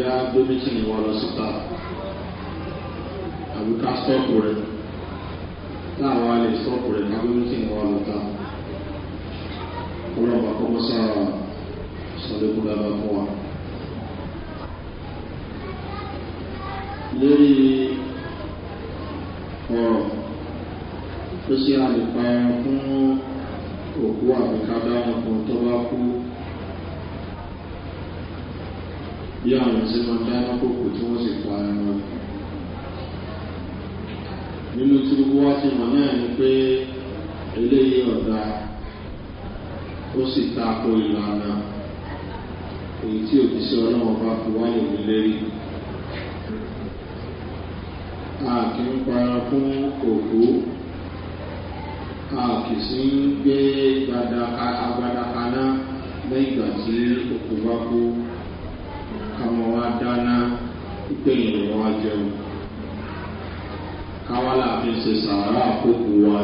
já gbómìtì ni wọ́n lọ síta àbí ká sọ́ọ̀pù rẹ̀ láàárọ̀ alẹ́ sọ́ọ̀pù rẹ̀ ká gbómìtì ni wọ́n lọ ta wọ́n lọ́ba kọ́kọ́ sára sọ́dẹ́kùn dábàá fún wa. lórí ọ̀rọ̀ tó ṣe àlùpàá fún òkú àbíká dáhùn kan tó bá kú. bí àwọn ṣe máa dáná kòkò tí wọ́n sì pa ẹran ọ̀gbìn. nínú tí gbogbo wá ti mọ̀ náà ni pé eléyìí ọ̀dà ó sì tako ìlànà èyí tí òbíṣẹ́ ọlọ́run bá fi wáyé mi lérí. a kì í para fún òkú a kì í sí gbé agbada kaná lẹ́yìn ìgbà tí òkú bá kú. ka wá dáná ìpéyìn ni wọ́n jẹun káwọn láàfin ṣe sàárà àkókò wa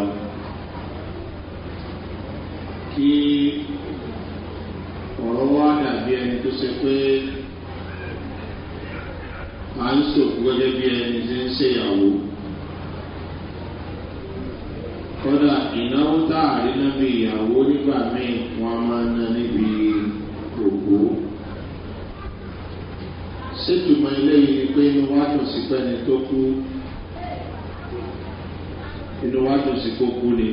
kí ọ̀rọ̀ wá dàbí ẹni tó ṣe pé à ń sòkú gẹ́gẹ́ bí ẹni tí ń ṣèyàwó kódà ìnáwó tá àrí náà bí ìyàwó nígbà míì sétù mọ eléyìí ni pé inú wa dùn sí pẹ́ni tó kú inú wa dùn sí kó kú ni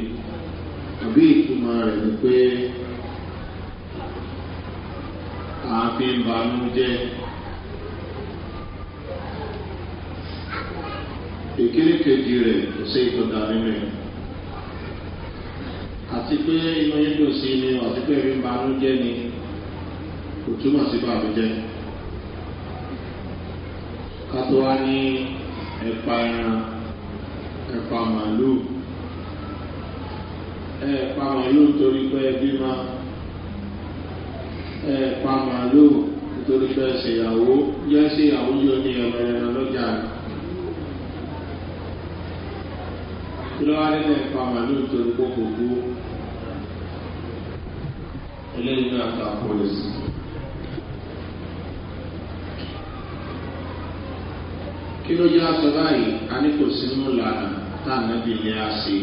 àbí ìtumọ̀ rẹ̀ ni pé ààfin ìbànú jẹ́ ìkíní kejì rẹ̀ kò sí ìtọ́ta nínú ẹ̀ àti pé inú yín dùn sí ni àti pé ìbànú jẹ́ ni kò túmọ̀ sí bàbá jẹ́ ni kátó wá ní ẹ̀pà ẹran ẹ̀pà màálù ẹ̀pà màálù torí pé ẹbí máa ẹ̀pà màálù nítorí pé ṣèyàwó yẹ́ ṣèyàwó yọ ní ẹ̀rọ ẹran lọ́jà rẹ̀. kí ló wá nínú ẹ̀pà màálù nítorí pé kò kú eléyìí náà ta pọ̀lẹ́sì. kí ló yá sọ báyìí a ní kò sínú lànà tá a nábì ní a ṣe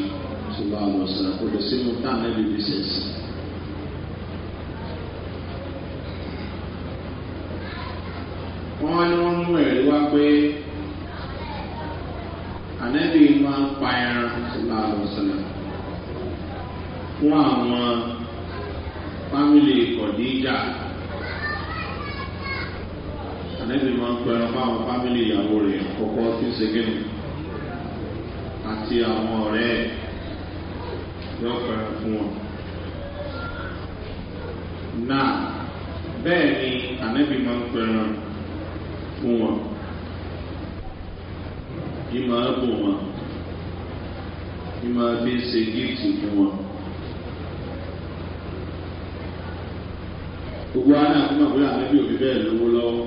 ṣùgbọ́n àwọn ọ̀sán kò lè sínú tá a nábì bí ṣe sí. wọ́n ní wọ́n mú ẹ̀rí wá pé ànábì máa ń pa ẹran ṣùgbọ́n àwọn ọ̀sán fún àwọn fámìlì kọ̀díjà ànẹ́bí máa ń pẹran fáwọn fámìlì ìyàwó rẹ̀ kọ́kọ́ tí ó ṣe gẹ́nu àti àwọn ọ̀rẹ́ ẹ̀ yóò pẹran fún wọn. náà bẹ́ẹ̀ ni ànẹ́bí máa ń pẹran fún wọn ìmọ̀ ẹ̀bùn wọn ìmọ̀ ẹ̀bí ṣe gíìtì fún wọn. gbogbo aná àti màgbélé ànẹ́bí òbí bẹ́ẹ̀ lówó lọ́wọ́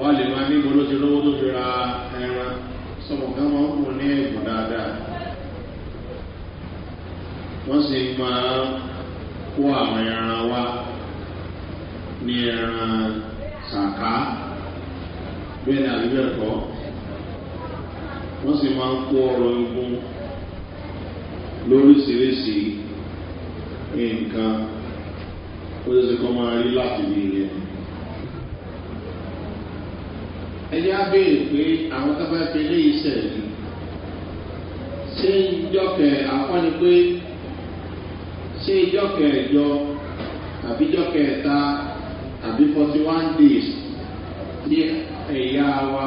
wọ́n lè máa níbo ló ti lówó tó fi ra ẹran sọmọ kan máa ń fún ní ẹ̀gbọ́n dáadáa wọ́n sì máa kó àwọn ẹran wá ní ẹran sàká bẹ́ẹ̀ ni àbíbẹ̀ kọ́ wọ́n sì máa ń kó ọrọ̀ igun lóríṣiríṣi nǹkan ó sì kọ́ máa rí láti bí ilé ẹni ẹni á béèrè pé àwọn tó bá fi lé iṣẹ́ yìí ṣé ìjọkẹ̀ àkọ́ni pé ṣé ìjọkẹ̀ ẹ̀jọ àbí ìjọkẹ̀ ẹ̀ta àbí forty one days ní ẹ̀yà wa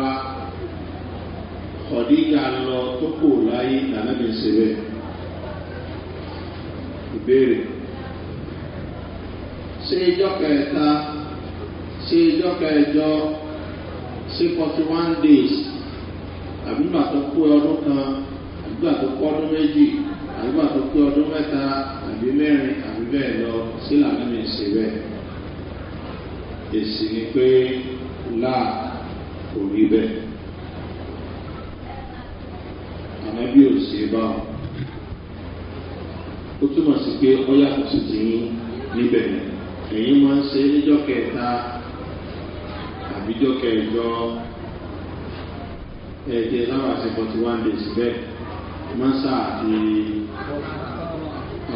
ọ̀dígà lọ tó kò láyé lànàbí ṣe bẹ́ẹ̀. ìbéèrè ṣé ìjọkẹ̀ ẹ̀ta ṣé ìjọkẹ̀ ẹ̀jọ sí forty one days àbí gbà tó kú ọdún kan àbí gbà tó kú ọdún méjì àbí gbà tó kú ọdún mẹ́ta àbí mẹ́rin àbí bẹ́ẹ̀ lọ sí làánú mi ṣe bẹ́ẹ̀. èsì ni pé láà kò rí bẹ́ẹ̀. àmọ́ bí ò ṣe bá wọn ó túmọ̀ sí pé ọ yàtọ̀ sí ti yín níbẹ̀ ẹ̀yin máa ń ṣe níjọ́ kẹta àbíjọ́ kẹjọ ẹ̀ẹ́dẹ́ láwàṣẹ forty one days bẹ́ẹ̀ mọ́sá àti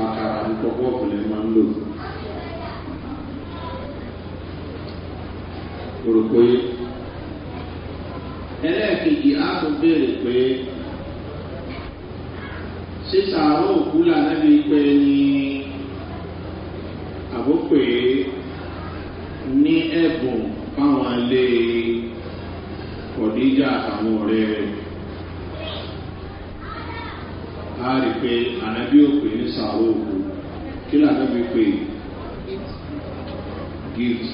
àkàrà púpọ̀ pọ́ọ̀pù lẹ́ máa ń lò. Òròpó yé. Ẹlẹ́ẹ̀kejì á tún pé sísà àwọn òkú lànàbí pé ní àbópè ní ẹ̀bùn fáwọn ilé kọ̀díjà àtàwọn ọ̀rẹ́ rẹ̀ a rí pé ànábí òpè ní sàárò òkú kí lànà bí pé gift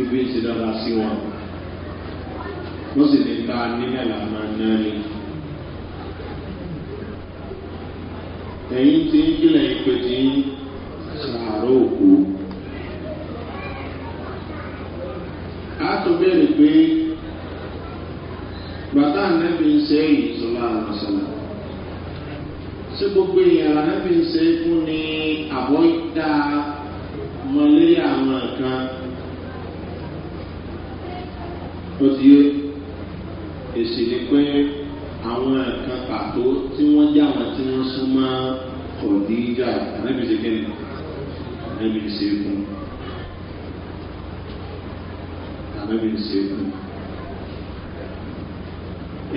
ibi ti dára sí wọn wọ́n sì ní ta nílẹ̀ lànà náà ni. ẹ̀yin ti ń gílẹ̀ ìpè tí ń. pé bàtà nẹ́bí ń ṣe èyí sọlá àlọ́sọ̀lá ṣé gbogbo èèyàn nẹ́bí ń ṣe fún ni àbọ̀ dá mọ́lé àwọn kan ó ti yé èsì ni pé àwọn kan pàtó tí wọ́n já wọn tí wọ́n sún mọ́ kọ̀ọ̀dí ìjà nẹ́bí ṣe kéde nẹ́bí ṣe fún ànábì ń ṣe fún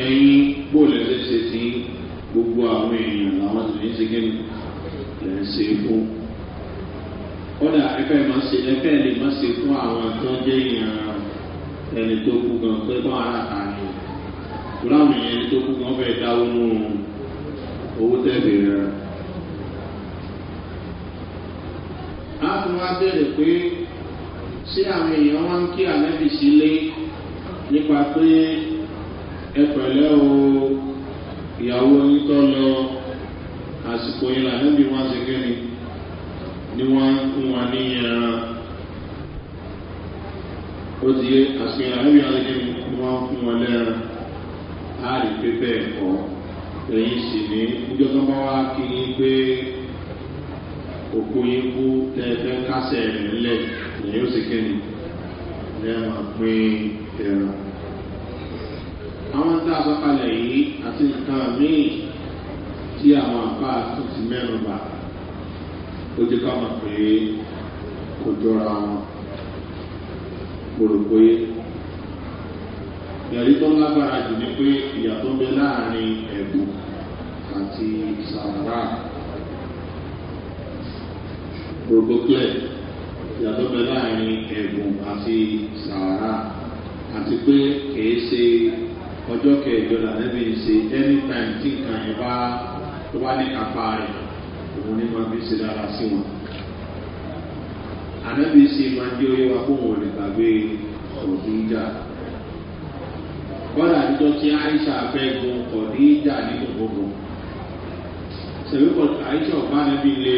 ẹyin bóòlù ẹsẹ̀ ṣe ti gbogbo àwọn èèyàn làwọn ti ní ṣe kíni lẹ́ ń ṣe fún kódà ẹfẹ́ máa ṣe ẹfẹ́ lè máa ṣe fún àwọn tó jẹ́ èèyàn ẹni tó kú gan pé bá ara àyàn láwọn èèyàn ẹni tó kú gan fẹ́ dáwọ́ nù owó tẹ̀lé rẹ̀. a tún wá bẹ̀rẹ̀ pé tí àwọn èèyàn wá ń kí ànábì sílé nípa pé ẹ pẹ̀lẹ́ o ìyàwó yín tó lọ àsìkò yín lànàbì wọn ṣe kẹ́ni ni wọ́n ń fún wa ní ẹran ó ti yé àsìkò yín lànàbì wọn ṣe kẹ́ni ni wọ́n ń fún wọn lẹ́ran á rí pé bẹ́ẹ̀ kọ́ lẹ́yìn sì ní níjọ́ tó bá wá kí yín pé òkú yín kú tẹ́ kásẹ̀ rẹ̀ lẹ́yìn èyí ó sì kéde ní a máa pé ẹran. àwọn tá a sọ́kalẹ̀ yìí àti nǹkan míì tí àwọn àpá tó ti mẹ́nu bà ó jẹ́ ká mọ̀ pé kò jọra wọn gbòrògbò yìí ìyàrí tó lágbára jù ní pé ìyà tó bẹ láàrin ẹ̀bù àti sàrà gbogbo clear ìyàtọ̀ bẹ láàrin ẹ̀bùn àti sàárà àti pé kìí ṣe ọjọ́ kẹjọ lànàbí ṣe anytime tí nǹkan yẹn bá tó bá ní kápá rẹ̀ òun ní máa fi ṣe dára sí wọn. ànábì ṣe máa jẹ́ oyé wa kó wọn lè gbàgbé ọ̀dúnjà. kọ́lá àdúgbò tí aisha fẹ́ gun ọ̀dúnjà ní gbogbo. ṣèwé kọ́ aisha ọ̀bá níbi ilé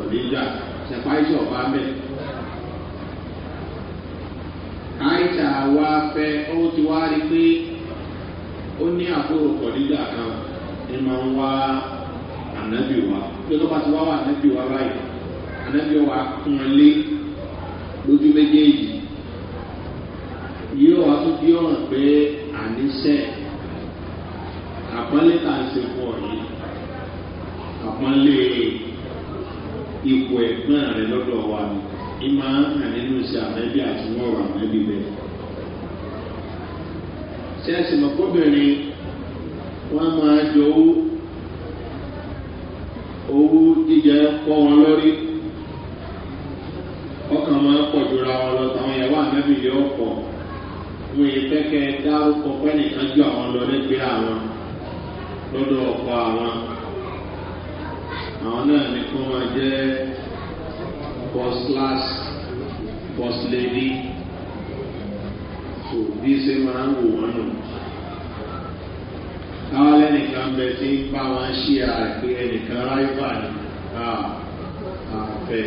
ọ̀dúnjà tẹ̀pá iṣẹ́ ọ̀bá mẹ́. àìsà wa fẹ́ ó ti wá rí pé ó ní àbúrò kọ̀dídà kan ní máa ń wá ànábì wa pé tó bá ti wá wà ànábì wa báyìí ànábì wa kún un lé lójú méjèèjì yóò wá tó bí ọ̀ràn pé àníṣe àpọ́nlé tá a ṣe fún ọ yìí àpọ́nlé ipò ẹ̀gbọ́n rẹ̀ lọ́dọ̀ wa ni ìmọ̀ hàn nínú iṣẹ́ àmẹ́bí àti wọ́ọ̀rọ̀ àmẹ́bí bẹ́ẹ̀. sẹ́ẹ̀sì mọ̀kọ́bìnrin wọ́n máa jọ owó owó jíjẹ kọ́ wọn lórí ọkàn máa pọ̀ jura wọn lọ táwọn ìyàwó àmẹ́bí yóò pọ̀ wọ́n yẹ kẹ́kẹ́ dárúkọ pẹ́ẹ́nì kan jọ àwọn lọ lẹ́gbẹ̀ẹ́ àwọn lọ́dọ̀ ọkọ̀ àwọn àwọn náà ní kí wọ́n jẹ́ first class first lady so bí ṣe máa ń wò wọ́n nù. káwọn lẹ́nìkan bẹ tí ń bá wọn ṣí ara pé ẹnìkan ráìbà ni àfẹ́.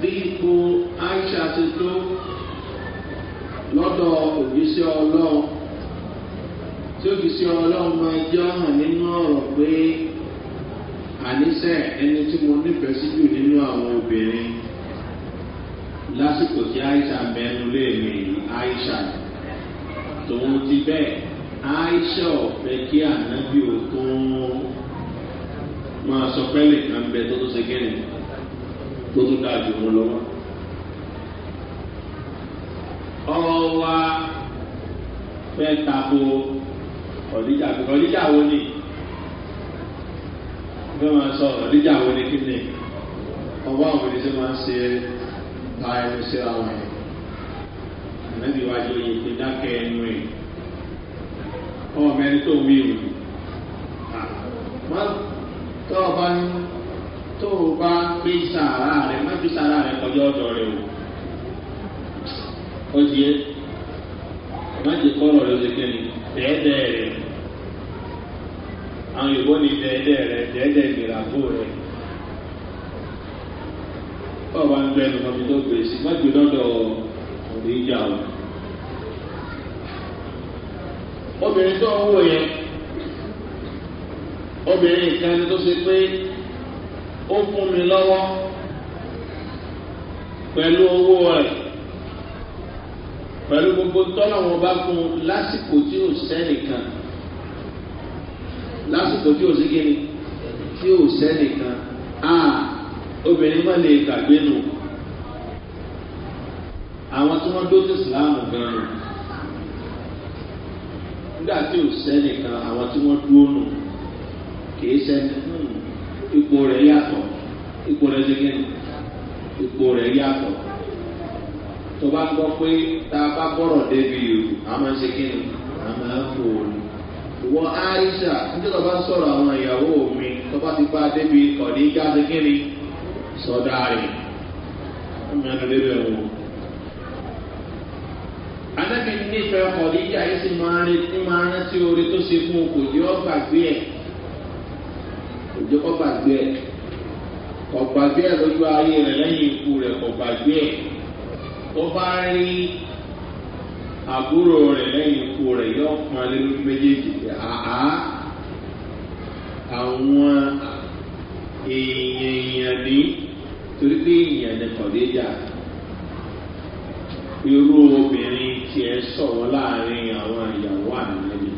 bí ipò aisha ti tó lọ́dọ̀ òbíṣẹ́ ọlọ́run tí òbíṣẹ́ ọlọ́run máa jẹ́ ọ̀hàn nínú ọ̀rọ̀ pé àníṣe ẹni tí mo nífẹ̀ẹ́ sí jù nínú àwọn obìnrin lásìkò tí aisha mẹ́nu lé mi aisha tòun ti bẹ́ẹ̀ aisha ọ̀fẹ́ kí ànábì ò tó máa sọ pẹ́lẹ̀ kan bẹ tó tó ṣe kẹ́lẹ̀ tó tó dáa jù lọ́wọ́. ọ̀rọ̀ wa fẹ́ tako ọ̀díjà wo ni fẹ́ máa sọ̀rọ̀ níjà àwọn ẹni kíni ọba àwọn ẹni tí máa ń ṣe ta ẹnu sí àwọn ẹ̀ ànábì wájú yìí ti dákẹ́ ẹnu ẹ̀ ọmọ ẹni tó wí ìwé tó o bá tó o bá gbé sàárà rẹ má gbé sàárà rẹ kọjá ọ̀dọ̀ rẹ o ó di ẹ má jẹ kọ́ ọ̀rọ̀ rẹ ó di kẹ́ni bẹ́ẹ̀ bẹ́ẹ̀ rẹ àwọn yorùbá ní dẹ́ẹ̀dẹ́ rẹ dẹ́ẹ̀dẹ́ ìgbérago rẹ báwo bá ń gbé ẹnu kan tó gbé sí má gbé lọ́dọ̀ òníjà o. obìnrin tó ń wò yẹn obìnrin kan tó ṣe pé ó fún mi lọ́wọ́ pẹ̀lú owó rẹ̀ pẹ̀lú gbogbo tọ́lọ́wọ́n bá fún un lásìkò tí ò sẹ́nìkan lásìkò tí ò sí kíni tí ò sẹ́nìkan a obìnrin má lè gbàgbé nù àwọn tí wọ́n dóòtì ìsìláàmù gan-an nígbà tí ò sẹ́nìkan àwọn tí wọ́n dúró nù kìí sẹ́ni hmm, ipò rẹ̀ yàtọ̀ ipò rẹ̀ ṣe kíni ipò rẹ̀ yàtọ̀ tó bá gbọ́ pé tá a bá gbọ́rọ̀ débi ìlú a máa ń ṣe kíni a wọ aisha níjọba bá sọrọ àwọn ìyàwó mi tó ti pa débi ọ̀dí gáàsì na sọ̀dá rẹ̀ ọmọ ẹni lébẹ̀ wò. nífẹ̀ẹ́ ọ̀dí ìyá yìí sì máa ń retí máa ń rántí orí tó ṣe fún kò jẹ́ ọgbà gbé ẹ̀ kò jẹ́ ọgbà gbé ẹ̀ ọgbà àbúrò rẹ̀ lẹ́yìn ikú rẹ̀ yóò fún alẹ́ lórí méjèèjì pé àá àwọn èèyàn èèyàn ní torí pé èèyàn ní kọ̀déjà irú obìnrin tí ẹ sọ̀rọ̀ láàrin àwọn ìyàwó àníyàn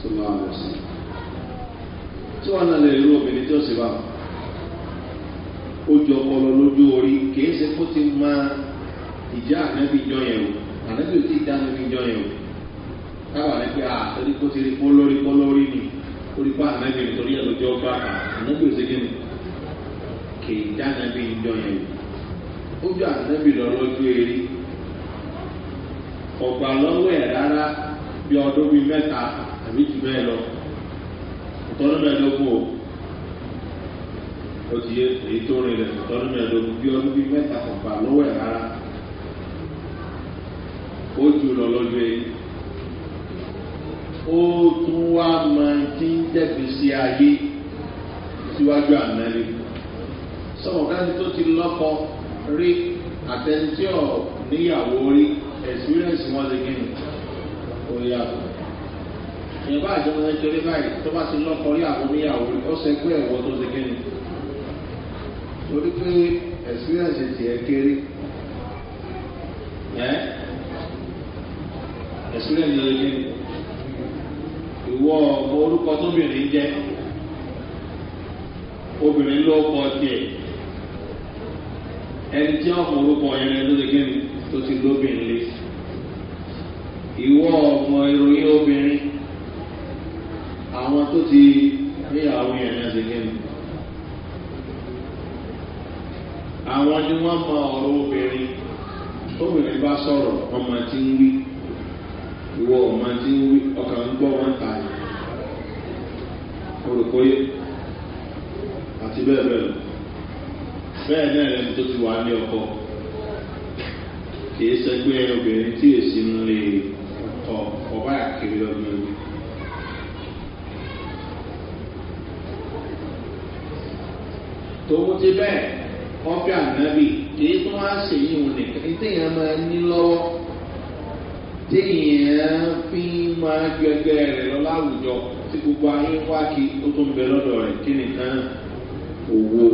sọlá ọ̀sán tí wọn náà lè irú obìnrin tí ó sì wà ó jọ ọpọlọ lójú orí kì í ṣe kó ti máa ìjà ànábìjọ yẹn o ànábì ò tí ì dáhùn ní ìjọ yẹn o káwa rẹ pé àtẹ̀lé kó ti rí kó lórí kó lórí ni ó rí kó ànábì nítorí ẹ̀ lójó bá a ànábì ò segin ni kì í dáhùn ní ìjọ yẹn o ó jọ ànábì lọ lọ́jọ́ eré ọ̀gbà lọ́wọ́ ẹ̀ rárá bí ọdún bíi mẹ́ta àbí jù bẹ́ẹ̀ lọ ìtọ́nú mẹ́ẹ̀ẹ́dógún o ó ti yé èyí tó rìn rẹ̀ ìtọ́nú bí ọdún bíi mẹ́ta ọ̀gbà lọ́wọ́ ẹ̀ rárá ó jù lọ lọ́jọ́ yìí ó tún wá máa ti ń jẹ̀bi sí ayé síwájú ànáyé sọ̀rọ̀ káàdì tó ti lọ́kọ rí àtẹnudíọ̀ níyàwó rí experience wọn lè gbìn orí àpò ìyẹ̀bá àjọmọ̀ ẹ̀ kéré báyìí tó bá ti lọ́kọ rí àwọn níyàwó rí ó ṣe pé ẹ̀wọ́ tó lè gbìn torí pé experience ti ẹ̀ kéré ẹ̀sìn náà ní ilé ìwọ ọmọ orúkọ tóbìnrin jẹ́ obìnrin ló kọ tiẹ̀ ẹni tí ọmọ orúkọ yẹn ló ti tó ti lóbìnrin lé ìwọ ọmọ ìròyìn obìnrin àwọn tó ti níyàwó yẹn ní ẹsẹ̀ kí àwọn ni wọ́n mọ ọ̀rọ̀ obìnrin obìnrin bá sọ̀rọ̀ ọmọ tí ń wí ìwọ ọ̀ma tí ń wí ọkàn ń gbọ́ wọn ta yìí olùkóyè àti bẹ́ẹ̀ bẹ́ẹ̀ lọ bẹ́ẹ̀ náà lẹ́nu tó ti wà ní ọkọ̀ kìí sẹgbẹ́ obìnrin tí èsì ń lè tọ ọba àkiri lọ́gbìn omi. tòun ti bẹ́ẹ̀ ọ̀fẹ́ ànábì kìí tó wá ṣèyí òun nìkan ní téèyàn máa ní lọ́wọ́. téèyàn fi máa ju ẹgbẹ́ lọ láwùjọ tí gbogbo ayé wá kí ó tó ń bẹ lọ́dọ̀ rẹ̀ kí nìkan owó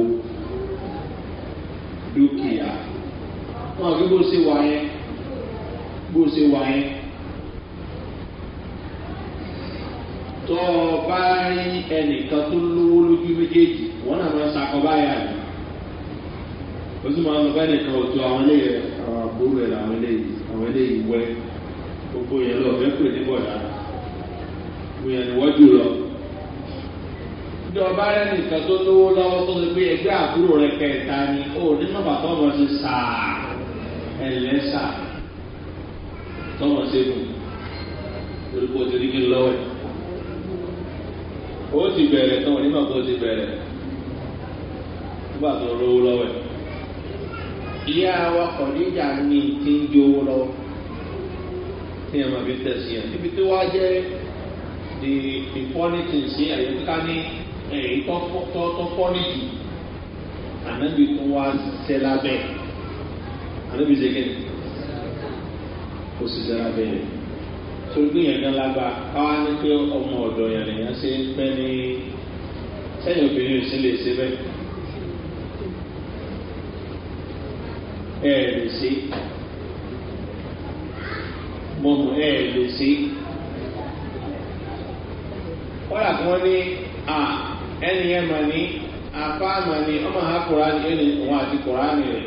dúkìá wọn kí bó ṣe wà yẹn bó ṣe yẹn tó bá wọn náà máa ó sì máa ń lọ bá ẹnìkan àwọn gbogbo yẹn lọ fẹ́ pè ní bọ̀dá gbogbo yẹn ni wọ́n jù lọ. ní ọba rẹ nìkan tó lówó lọ́wọ́ tó ti gbé ẹgbẹ́ àbúrò rẹ kẹta ni ó ní bàbá tọ́mọ ti sàá ẹ̀lẹ́sà tọ́mọ sẹ́gun orúkọ ti rí kí n lọ́wọ́ ẹ̀ ó ti bẹ̀rẹ̀ tán onímọ̀ kó ti bẹ̀rẹ̀ nígbà tó lówó lọ́wọ́ ìyá wa kọ̀ níjà ti ń jówó lọ́wọ́ kí ẹ máa fi tẹ̀sí ẹ̀ níbi tí wàá jẹ́ the the furniture ṣe àyẹ̀ká ní èyí tó fọ́nìjì ànábì tó wá ṣiṣẹ́ lábẹ́ ànábì ṣe kẹ́ni kò ṣiṣẹ́ lábẹ́ yẹn torí pé yẹn kan lágbá káwá ní pé ọmọ ọ̀dọ̀ yẹn lèyàn ṣe ń pẹ́ ní sẹ́yìn obìnrin sí lè ṣe bẹ́ẹ̀ ẹ̀ lè mo mọ̀ ẹ́ lè ṣe. kọ́lá kí wọ́n ní à ẹni yẹn mà ní apá mà ní ọmọ ha kùránì ẹni òun àti kùránì rẹ̀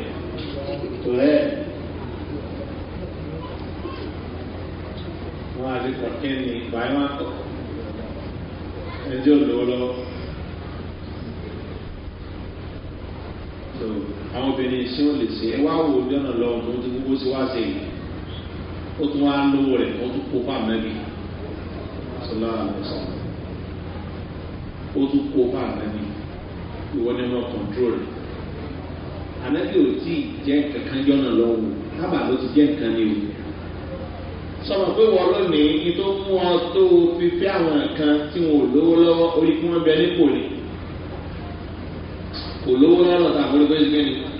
tó ẹ̀. wọ́n àti kọ̀kẹ́ ní ìgbà yẹn wọ́n kọ̀ ẹjọ́ lọ́wọ́ lọ́wọ́. àwọn obìnrin ṣé wọ́n lè ṣe é wá wò ó dáná lọ́wọ́ gbogbo sí wá yìí. ó tún wá lówó rẹ̀ ó tún kó fáwọn mẹ́bí sọlá àlọ́sọ ó tún kó fáwọn mẹ́bí ìwọ ni wọn kọ̀ǹtró rẹ̀ ànábì ò tí ì jẹ́ kankan jọ́nà lọ́wọ́ tábà ló ti jẹ́ nǹkan ni o sọ̀rọ̀ pé wọ́n lónìí ní tó mú ọ tó fi fẹ́ àwọn nǹkan tí wọn ò lówó lọ́wọ́ orí kí wọ́n bẹ nípò ni kò lówó lọ́rọ̀ tàbí orí pé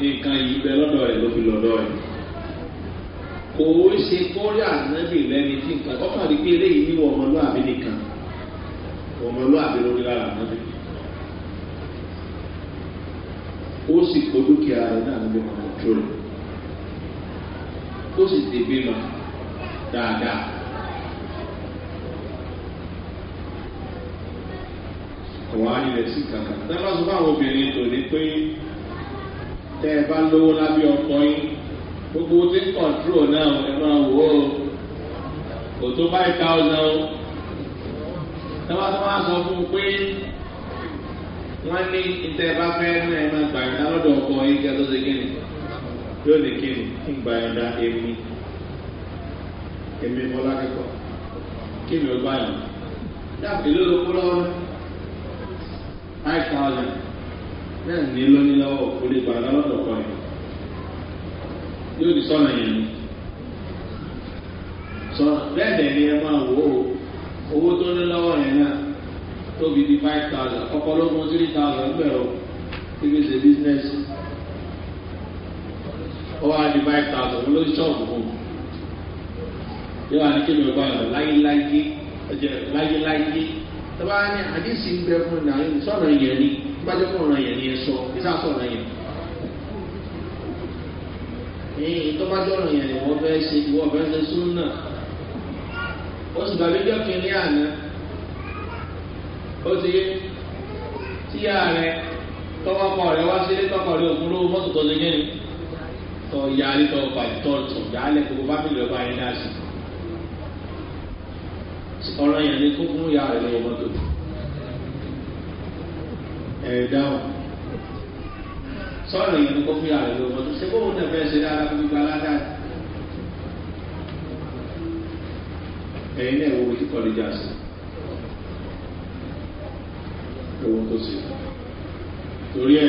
nǹkan yìí bẹ lọ́dọ̀ rẹ̀ ló fi lọ́dọ̀ rẹ̀ kò ó ṣe kọ́rí ànábì lẹ́ni tí nǹkan ọkàn rí pé eléyìí ní ọmọlúàbí nìkan ọmọlúàbí lórí lára ànábì ó sì kó dúkìá rẹ̀ náà níbi ọmọ ìjọba ó sì ti bímọ dáadáa. wà á nílẹ̀ sí kankan. Dábàá sọ fún àwọn obìnrin tòní pé tẹ́ ẹ bá lówó lábẹ́ ọkọ yín gbogbo tí ń kọ̀ntró náà ẹ máa wò ó kò tó five thousand o tọ́wọ́tọ́wọ́ sọ fún un pé wọ́n ní ìtẹ́ bá fẹ́ náà ẹ máa gbà yọ̀dá lọ́dọ̀ ọkọ yín kí ẹ tó ṣe ni yóò ní kíni kí n gbà yọ̀dá èmi èmi bọ́lá kíkọ́ kí mi ò gbà yọ̀dá dáàbì ló ló kó lọ́wọ́ five thousand náà ní lọ́wọ́ kó lè gbà yọ̀dá lọ́dọ̀ ọkọ yín yóò di sọ́nà yẹn ni sọ́nà bẹ́ẹ̀ dẹ̀ ni ẹ máa wò ó owó tó ní lọ́wọ́ yẹn náà tóbi di five thousand ọ̀pọ̀lọpọ̀ three thousand bẹ́ẹ̀ o ibi ṣe business ó wá di five thousand ló ń ṣọ́ọ̀bù fún un yóò wá ní kí ló bá yọ láyéláyé ọjọ́ láyéláyé tó bá ní àdìsí ń bẹ fún ìdáhùn sọ̀rọ̀ yẹn ni bá jẹ́ fún ọ̀rọ̀ yẹn ni ẹ sọ kí sá sọ̀rọ̀ yẹn èyí tó bá jọ̀rọ̀ yẹn ìwọ fẹ́ ṣe ìwọ fẹ́ ṣe súnà ó sì gbàgbé jọ́kì ní àná ó ti tí ààrẹ tọkọkọ rẹ wá sílé tọkọ rẹ òkú mọ́tò tó ṣe yẹn ni tọ yaali tọ bàtọ tọ yaali gbogbo bá mi lọ bá yẹn dá sí ọ̀rọ̀ yẹn ni kó fún yàrá rẹ lọ́wọ́ mọ́tò ẹ̀ dáhùn sọ̀rọ̀ yẹn ni kó fi ààrẹ lọ́wọ́ tó ṣe kó wọn náà fẹ́ ṣe dára fún gbígbá aládá yìí. ẹ̀yin náà wo ti kọ́lẹ́jà sí owó tó ṣe torí ẹ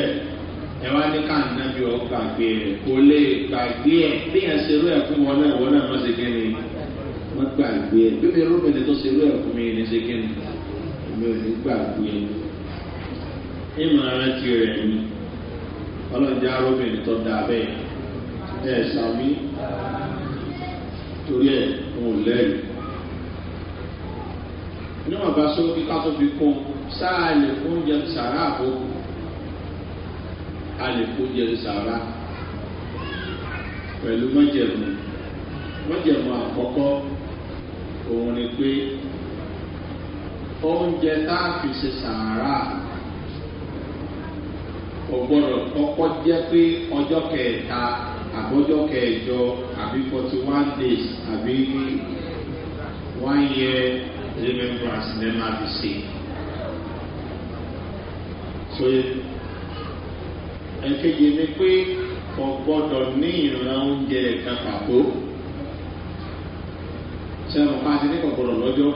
ẹ wá ní káńtà bí ọ gbàgbé ẹ kò lè gbàgbé ẹ bí ẹ ṣerú ẹ fún wọn náà wọn náà wọn ṣe kíni wọn gbàgbé ẹ bí mi rúbìnrin tó ṣerú ẹ fún mi ní ṣe kíni mi ò ní gbàgbé ẹ ìmọ̀ ara ti rẹ̀ ni ọlọ́run jẹ́ arọ́bìnrin tó dáa bẹ́ẹ̀ ẹ̀ sàmí torí ẹ̀ òun lẹ́yìn. níwọ̀n bá sọ kíkà tó fi kún sáà lè fún jẹ sàrà àbò a lè fún jẹ sàrà pẹ̀lú mọ́jẹ̀mú mọ́jẹ̀mú àkọ́kọ́ òun ni pé oúnjẹ tá a fi ṣe sàrà kò gbọdọ̀ kọ́kọ́ jẹ́ pé ọjọ́ kẹta àbọ́jọ́ kẹjọ àbí forty one days àbí one year remembrance lè máa fi ṣe. so ẹ̀kejì ni pé kò gbọdọ̀ ní ìran oúnjẹ kan pàtó sẹ́wọ̀n ká ti ní kò gbọdọ̀ lọ́jọ́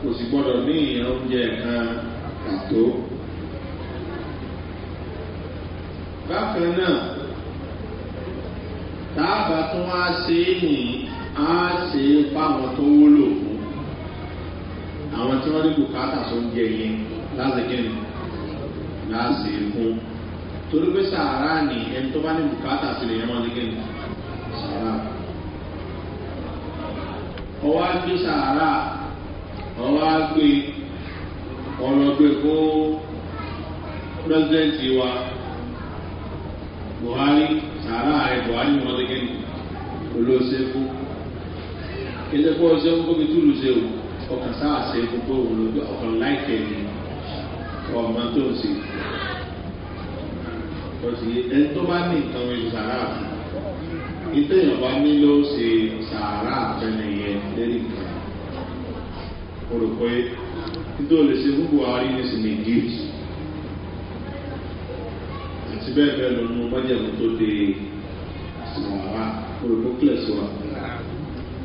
kò sì gbọdọ̀ ní ìran oúnjẹ kan pàtó. bákan náà táàbà tó wá ṣe é ní á ṣe é fáwọn tó wúlò fún àwọn tí wọ́n ní bùkátà tó ń jẹ yẹn láti gẹ́nu láti fún torí pé sàárà ni ẹni tó bá ní bùkátà sí yẹn wọ́n ní gẹ́nu sàárà ọwọ́ á sàárà ọwọ́ á gbé ọ̀rọ̀ gbé pírẹ́sidẹ́ǹtì wa buhari sàárà ààrẹ buhari wọn lé kéde olóṣèlú ìṣẹ́kọ́ ọṣẹ́kọ́ kóbi túlù ṣe o ọkàn sáà ṣe gbogbo olóògbé ọkàn láìpẹ́ ni ọmọ tó ń ṣe lọ́sí ẹni tó bá ní nǹkan oṣù sàárà ìtẹ̀yìn ọba ní ló ṣe sàárà àfẹnẹ̀ yẹn lẹ́yìn kan olùkọ́ yìí nítorí olùṣèlú buhari ní sinmi àti bẹ́ẹ̀ bẹ́ẹ̀ lọ ní májèmú tó de sàrà olùdókòlẹ̀ sí wa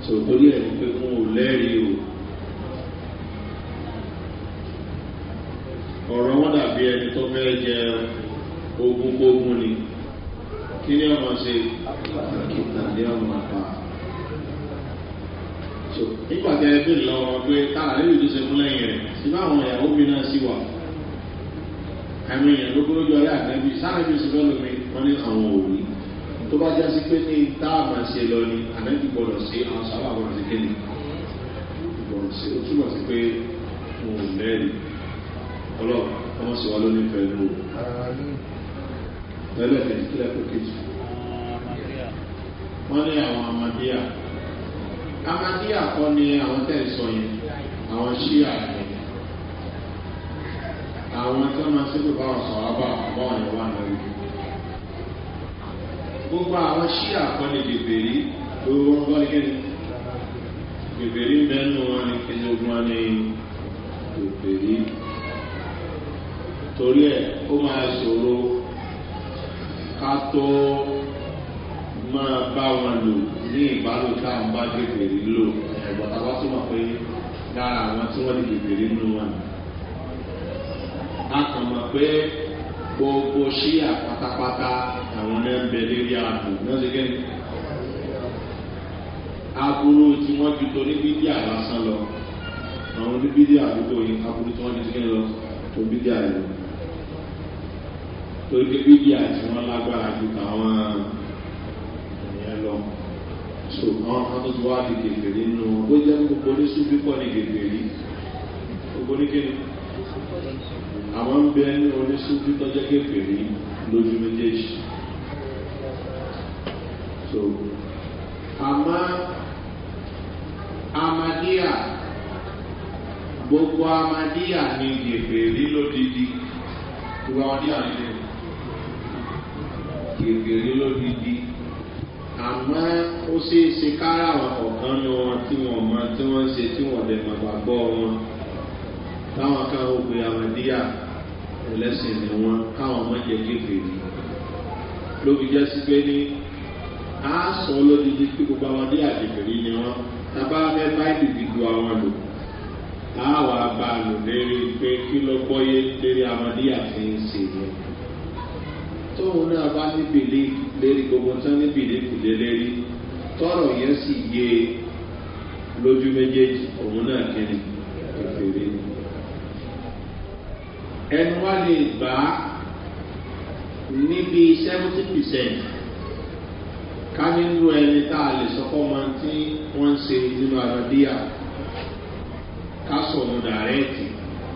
tó torí ẹ̀ pé mo ò lẹ́rìí o ọ̀rọ̀ wọn dàbí ẹni tó fẹ́ jẹ ogun gbógun ni kí ni ọmọ ṣe àkìtàdé ọmọ àpá nígbà tẹ ẹ bí lọ wọn pé táà lè rí ìdúsẹ fún lẹyìn rẹ síbáwọn ìyàwó mi náà sì wà àmì èèyàn ló gbé lójú ọlẹ́ àtẹ́bí sáàbì sí lọ́nà mi wọ́n àwọn òní tó bá jásí pé ní táàmà ṣe lọ ni ànábì gbọ́dọ̀ sí àwọn sábà gbọ́dọ̀ sí kéde gbọ́dọ̀ sí ó túmọ̀ sí pé mo ò lẹ́rìí ọlọ́run ọmọ sì wá ló nífẹ̀ẹ́ ló lẹ́lẹ́ kejì kílẹ̀ kó kejì wọ́n ní àwọn amadíà amadíà kọ́ ni àwọn tẹ̀ yẹn àwọn ṣíà àwọn tí wọ́n máa ṣe pé báwọn sọ̀rọ̀ bá àbáwọn yẹn wà lórí. gbogbo àwọn ṣí àkọlé bèbèrè lórí wọn gbọ́ nígbẹ́ bèbèrè mẹ́nu wọn ni kíni ogun wọn ni bèbèrè. torí ẹ̀ ó máa ṣòro ká tó máa bá wọn lò ní ìbálò tá à ń bá bèbèrè lò ẹ̀gbọ́n tá a bá tó mọ̀ pé lára àwọn tí wọ́n di bèbèrè nínú wọn nìyẹn a kàn mọ̀ pé gbogbo ṣíà pátápátá àwọn náà ń bẹ lérí ààbò náà ṣe kẹ́ni. aburú tí wọ́n ju tó ní bídíà lásán lọ àwọn ní bídíà àdúgbò yìí aburú tí wọ́n ju kẹ́ni lọ tó bídíà yìí torí pé bídíà tí wọ́n lágbára ju tàwọn ènìyàn lọ so àwọn kan tó ti wá di gègèrè nínú ó jẹ́ gbogbo oníṣubí pọ̀ ní gègèrè gbogbo oníkẹ́ni àwọn ń bẹ ní oníṣúbí tọ́jọ́ kékeré lójú méjèèjì so àmọ́ amadíà gbogbo amadíà ní kékeré lódìdí gbogbo amadíà ní kékeré lódìdí àmọ́ ó ṣeé ṣe kára àwọn kọ̀ọ̀kan ní wọn tí wọ́n mọ tí wọ́n ń ṣe tí wọ́n dẹ̀ mọ̀ gbàgbọ́ wọn táwọn kan ó gbé amadíà ẹlẹ́sìn ni wọ́n káwọn ọmọ jẹ kékeré lóbi jẹ́ sí pé ní a sọ lódìdí pé gbogbo àwọn dé àjẹkẹ̀rí ni wọ́n tábà fẹ́ bá ìdìbò àwọn lò á wà bá a lò lérí pé kí ló gbọ́yé lérí àwọn dé àfihàn sí i tóun náà bá níbi lérí gbogbo tán níbi ìdíkùlé lérí tọrọ yẹn sì yé lójú méjèèjì òun náà kiri kékeré ni ẹnu wa lè gbà á níbi seventy percent ká nínú ẹni tá a lè sọ fọ́mọ tí wọ́n ń ṣe nínú àdàdíyà ká sọ̀rọ̀ dàrẹ́ẹ̀tì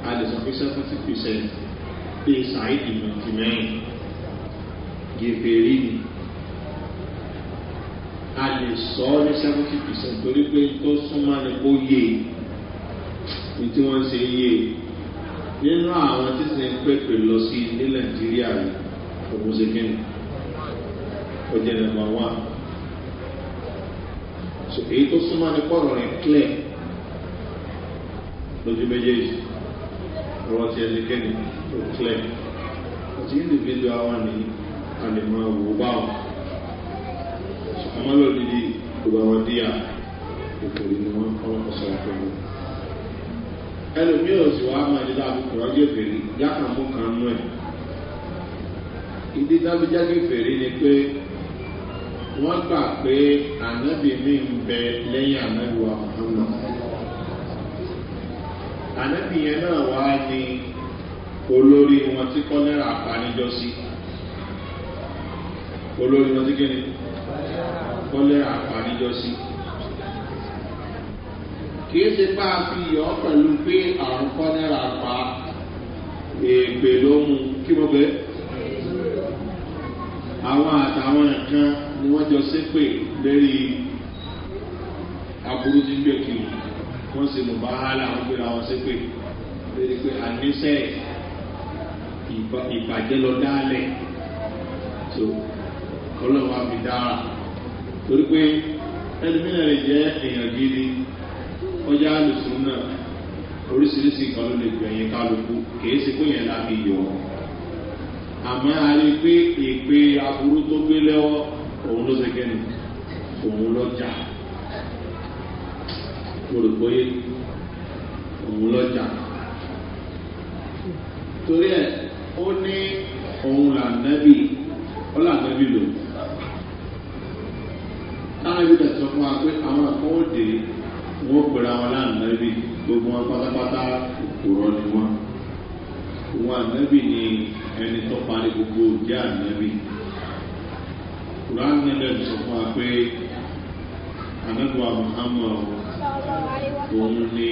a lè sọ pé seventy percent pé ṣáìdì mọ̀tì gèbèrè ni a lè sọ ọ́ ní seventy percent torí pé tó súnmọ́ ni kó yé ní wọ́n ṣe yé e nínú àwọn tí sì ń pèpè lọ sí ní nàìjíríà yìí òun ṣe kí ni ó jẹ nàìjíríà wà so èyí tó súnmọ́ ní pọ̀rọ̀ rẹ̀ clear lójú méjèèjì ọ̀rọ̀ ti ẹni kẹ́ni tó clear àti individual wà ní àlèmọ́ òwò báwọn ṣùgbọ́n lọ́dídì gbogbo ni wọ́n kọ́ ọ̀sán pẹ̀lú ẹlòmí ò sì wá máa dídá àbúkùrọ̀ gèfèrí yákàmú kan nú ẹ̀ ìdí dábíjá gèfèrí ni pé wọ́n gbà pé ànábì mi ń bẹ lẹ́yìn ànábì wa muhammad ànábì yẹn náà wá ní olórí wọn tí kọ́lẹ́rà apanijọ́ sí olórí wọn tí kẹ́ni kọ́lẹ́rà apanijọ́ sí kì í ṣe pa fi yọ pẹ̀lú pé àrùn kọ́nẹ́rà pa èèpè ló mu kí wọ́n bẹ́. àwọn àtàwọn nǹkan ni wọ́n jọ sépè lérí aburú tí ń gbé kiri wọ́n sì mú bàhálà wọ́n gbéra wọn sépè lérí pé àníṣe ìbàjẹ́ lọ dálẹ̀ tó kọ́lọ́ wa fi dára torí pé ẹni mìíràn lè jẹ́ èèyàn gidi ó yá àlùsùn náà oríṣiríṣi nǹkan ló lè gbẹ̀yìn kálukú kìí ṣe kóyẹn láti yọ ọ́ àmọ́ a rí pé ìpè aburú tó gbé lẹ́wọ́ òun ló ṣe kẹ́ni òun lọ jà mo rò pé òun lọ jà torí ẹ ó ní òun là nẹ́bì ó là nẹ́bì lò láàrin ìdẹ̀sọ́ fún wa pé àwọn àkọ́wọ́ wọ́n pèrè àwọn aláǹdẹ́bí gbogbo wọn pátápátá òkúrọ́ ni wọn. Òun àǹdẹ́bí ni ẹni tó parí gbogbo jẹ́ àǹdẹ́bí. Kùránì nílẹ̀ sọ fún wa pé Anábíwá Muhammad òun ni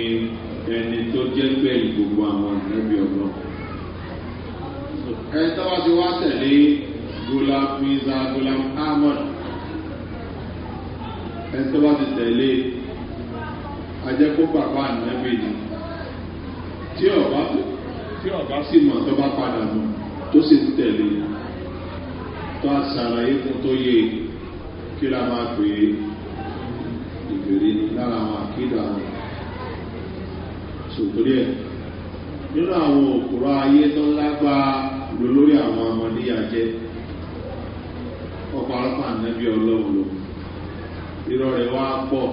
ẹni tó jẹ́ gbẹ̀yìn gbogbo àwọn àǹdẹ́bí ọ̀dọ́. Ẹni tó wá ti wá tẹ̀lé Gulam Miza Gulam Ahmed. Ẹni tó wá ti tẹ̀lé ajẹ́ kó bàbá ànábì ni tí ọba tí ọba sì mọ̀ tó bá padà mọ̀ tó sì ń tẹ̀lé tó a ṣàlàyé fún tó yé kí la máa pè é ìbèrè ni lára àwọn àkídà wọn sòtórí ẹ̀ nínú àwọn òkúrọ̀ ayé tó lágbára lórí àwọn ọmọdé àjẹ ọ̀pọ̀ àlọ́pàá ànábì ọlọ́run lò irọ́ rẹ̀ wá pọ̀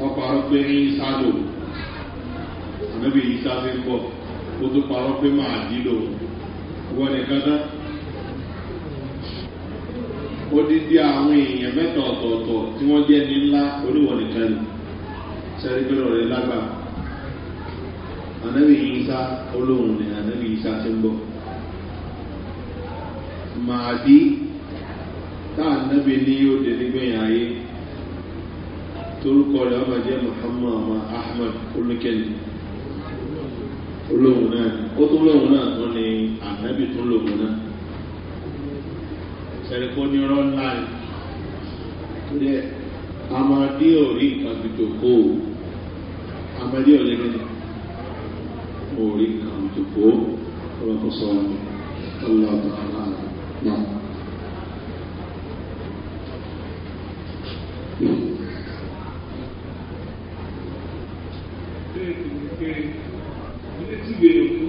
wọ́n parọ́ pé ní sálò ànábì yìí sáré ń bọ̀ ó tó parọ́ pé máa dílò wọ́n nìkan tán odidi àwọn èèyàn mẹ́ta ọ̀tọ̀ọ̀tọ̀ tí wọ́n jẹ́ ní ńlá oníwọ̀n nìkan ni sẹ́rí pé lọ́rẹ̀ lágbà ànábì yìí sá olóhùn ni ànábì yìí ti ń bọ̀ màdí tá ànábì ní yóò dé nígbẹ̀yìn ayé torúkọ rẹ̀ ọmọ jẹ́ muhammad ọmọ ahmed olókèlè olóhùn náà ó tún lóhùn náà tún ni ànábì tún lóhùn náà sẹ́ríkó ní rọ́ńlá yìí torí Amadi amadé ò rí nǹkan fi jòkó o amadé ò lẹ́gẹ̀dẹ̀ ò rí nǹkan fi jòkó o ọlọ́kọ̀ sọ̀rọ̀ ọlọ́kọ̀ sọ̀rọ̀ wèrè ilé tí wèrè kú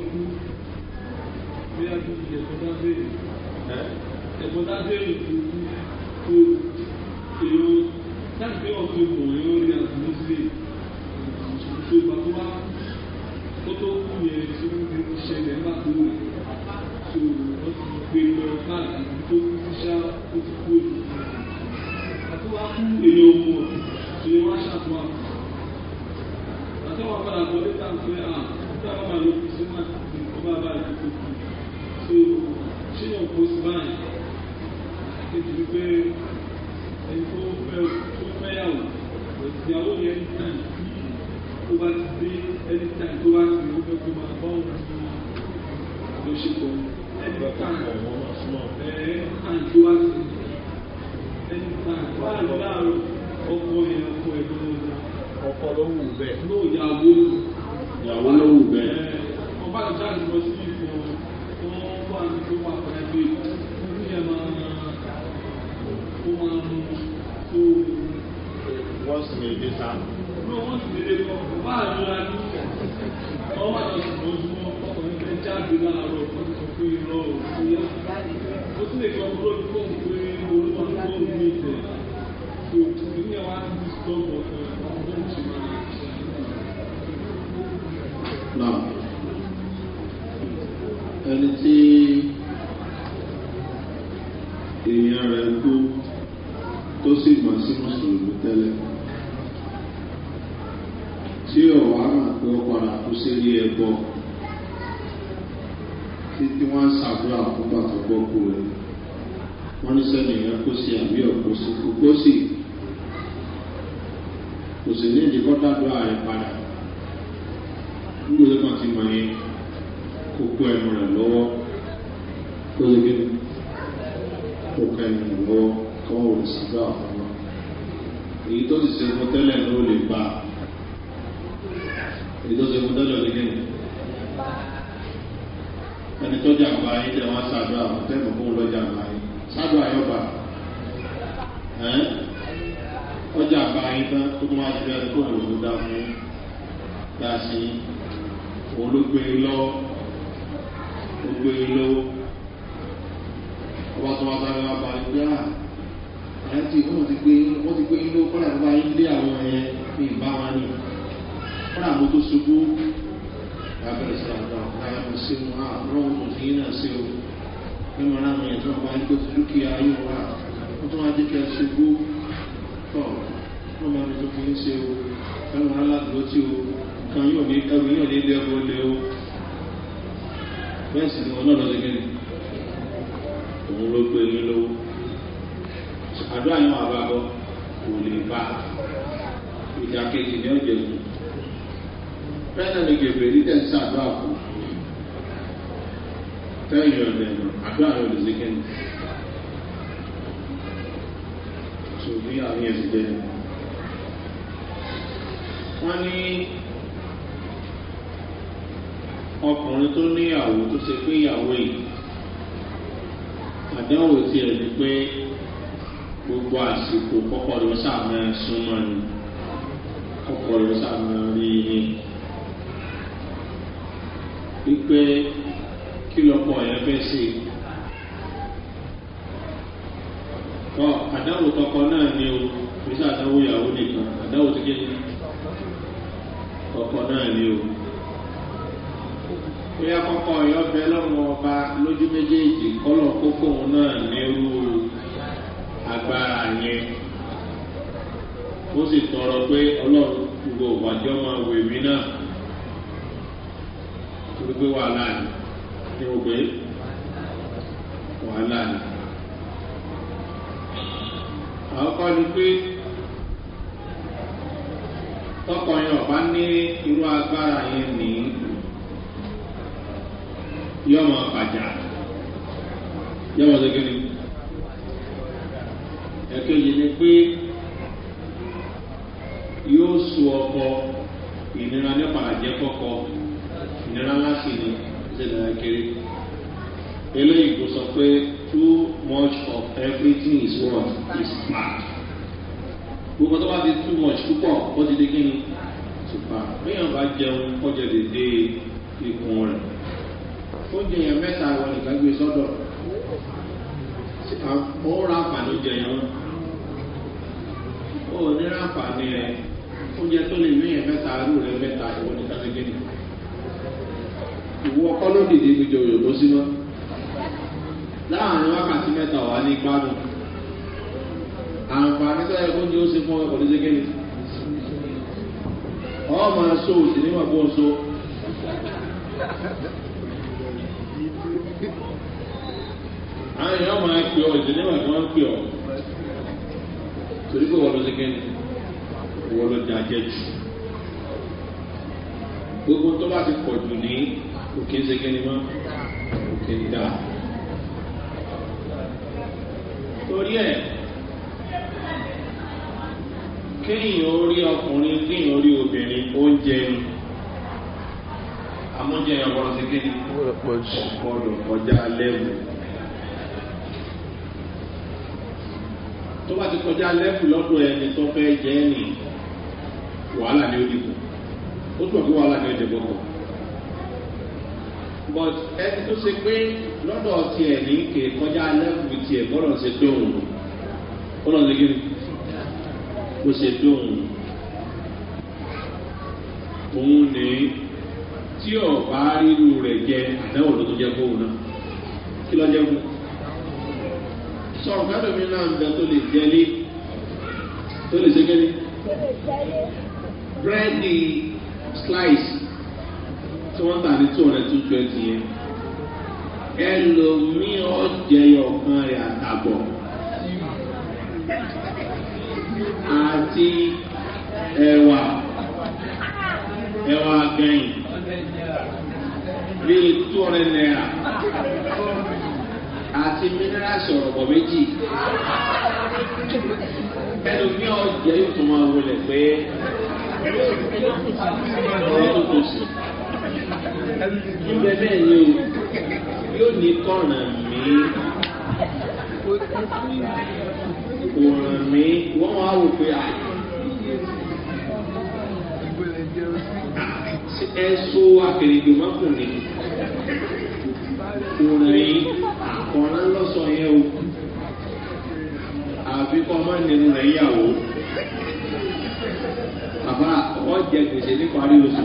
náà ẹni tí èèyàn rẹ̀ kú tó sì gbà sí mùsùlùmí tẹ́lẹ̀ tí ọ̀wá náà pé ó padà kú sílé ẹ̀bọ títí wọ́n ń ṣàdúrà fún pàtó gbọ́kú rẹ̀ wọ́n ní sẹ́ni ìyẹn kó sí àbí ọ̀pọ̀ sí kó sí ní ìdíkọ́ dádúrà rẹ̀ padà nígbà tó kàn ti mọ̀ yẹn kó kó ẹnu rẹ̀ lọ́wọ́ kó lè gbé kó ká ẹnu rẹ̀ lọ́wọ́ kó wọ́n wò sí bá àwọn ọmọ. èyí tó sì ṣe fún tẹ́lẹ̀ ní ó lè bá èyí tó ṣe fún tẹ́lẹ̀ ní kéwì. ẹni tó jàǹbá yín tẹ̀ wọ́n ṣàdúrà wọ́n tẹ̀ mọ̀ fún lọ́jà àgbà yín ṣàdúrà yóò bá ọjà àgbà yín tán tó tún wá sí ẹni tó wò dá fún yá sí olùgbé e lọ olùgbé e lọ ọba tó wá sáré wá bá yá àyà ah, tí wọ́n ti gbé wọ́n ti gbé lọ kọ́lá bá yín lé àwọn ẹ̀yẹ ní ìbáwá ni kọ́lá mo tó ṣubú lábẹ́rẹ́ sí àwọn àyà mi sí mu àárọ̀ ah, òun sí náà sí o ẹ máa ràn yẹn tó bá yín tó ti dúkìá yóò wá wọ́n tó wá dé kí ṣubú tọ̀ wọ́n máa mi tó fi ń ṣe o ẹ máa aládùúgbò tí o kan yóò ní ẹrù yóò ní ilé ẹgbẹ́ olè o bẹ́ẹ̀ sì ni wọn náà lọ́dẹ gẹ́gẹ́ òun ló gbé ní lówó àdúrà yẹn wà bá bọ́ kò lè bá ìjà kejì ní ọ̀jẹ̀ kù pẹ́ẹ́nà lè gbèbè ní tẹ̀sí àdúrà kù tẹ́yìn ọ̀dẹ̀ àdúrà yẹn ò lè tòun ní àwọn yẹn ti jẹ́ wọ́n ní ọkùnrin tó níyàwó tó ṣe pé ìyàwó yìí àdánwò tiẹ̀ ni pé gbogbo àsìkò kọ́kọ́ lọ sàmì súnmọ́ ni kọ́kọ́ lọ sàmì rí i wípé kí lọ́kọ̀ yẹn fẹ́ sí i. àdáwò tọkọ náà ni o fi sáà sanwó ìyàwó nìkan àdáwò tó kéde tọkọ náà ni o bóyá kọ́kọ́ ọ̀yọ́ bẹ lọ́wọ́ ọba lójú méjèèjì kọ́lọ̀ kókó òun náà nírú agbára yẹn ó sì tọrọ pé ọlọ́run gbogbo ìwàjọ́ máa wò èmi náà gbogbo wàhálà ni ní gbogbo wàhálà ni. àwọn kan ní pé tọkọ yẹn ọba ní irú agbára yẹn nìyí. yọ máa fàjà yọ máa sọ kíni ẹ̀kejì ni pé yóò ọkọ ìnira nípa àjẹkọkọ ìnira ni ìṣẹ̀lẹ̀ kere eléyìí sọ pé too much of everything is wrong is bad gbogbo tó bá too much púpọ̀ ó ti di kíni ṣùgbọ́n bí yàn bá jẹun kọjá dédé rẹ̀. oúnjẹ yẹn mẹ́ta àwọn nìkan gbé sọ́dọ̀ n'oge ra àǹfààní oúnjẹ yẹn wọn ní rẹ oúnjẹ tó lè lóyè mẹ́ta arú rẹ mẹ́ta ìwọ nìkan lè gbé nìkan. ìwọ ọkọ ló dìde gbèjọ sí láàrin wákàtí mẹ́ta wà ní gbádùn àǹfààní yẹ kó ó fún ọ máa òsì bó àwọn èèyàn máa pè ọ ìdílé màá kí wọ́n pè ọ torí pé wọ́n lọ sí kẹ́ni wọ́n lọ di ajẹ́ jù gbogbo tó bá ti pọ̀ jù ní òkè ń ṣe kẹ́ni mọ́ òkè dà torí ẹ̀ kéèyàn orí ọkùnrin kéèyàn orí obìnrin oúnjẹ ni amúnjẹ yẹn gbọdọ̀ sí kéde. gbọdọ̀ pọ̀ kọjá lẹ́wù. tó bá ti kọjá lẹ́wù lọ́dọ̀ ẹni tó fẹ́ jẹ́ ẹni wàhálà ni ó dìbò ó túbọ̀ kí wàhálà ni ó dìbò kọ̀. but ẹni tó ṣe pé lọ́dọ̀ tiẹ̀ ní kè kọjá lẹ́wù tiẹ̀ gbọdọ̀ ṣe pé òun gbọdọ̀ ṣe kéde kó ṣe pé òun òun nìyí tí ọ̀pá rírú rẹ̀ jẹ àdáwò ló tó jẹ fóun náà kí ló jẹ fún. sọ̀rọ̀ gbádùn mi náà ń bẹ tó lè jẹ́lé tó lè ṣe kẹ́lé. búrẹ́dì slice tí wọ́n tà ní two hundred two twenty yẹn ẹlòmíì ọ̀jẹ̀yọ̀ kan rẹ̀ àtàbọ̀ àti ẹ̀wà ẹ̀wà gẹ̀yìn bíi two hundred naira àti minerals ọ̀rọ̀bọ̀ méjì ẹnu ní ọjà yóò tún máa wọlé pé ọdún tó sì níbẹ̀ bẹ́ẹ̀ ni o yóò ní kọ́nà mí òràn mí wọ́n wá wò pé à ah, ẹ̀sùn àfẹ̀rẹ̀gbẹ̀mọ́kùnrin òrìn yìí àkànná lọ́sọ̀ yẹn o àfi kọ́ ọmọ nínú rẹ̀ yàwó bàbá wọ́n jẹ gbèsè ní parí oṣù.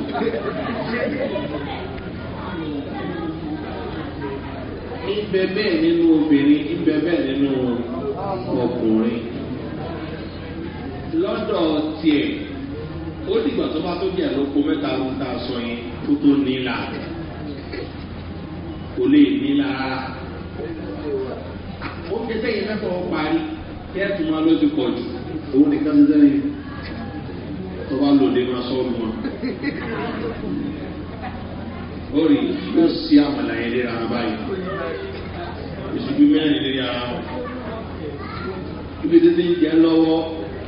ibẹ bẹẹ nínú obìnrin ibẹ bẹẹ nínú ọkùnrin lọdọ tiẹ ó dìgbà tó bá tó jẹ lóko mẹta ló ń ta sọ yẹn tó tó nílà kò lè ní lára. ó ké sẹ́yìn mẹ́fọ̀ parí kí ẹ̀ tún máa ló ti pọ̀ jù òun nìkan ń dẹ́yìn tó bá lòdì máa sọ ọ́ mọ́. ó rí yóò sí àmàlà yẹn léra báyìí ìṣubú mẹ́rin lérí ara wọn. ibi títí ń jẹ́ lọ́wọ́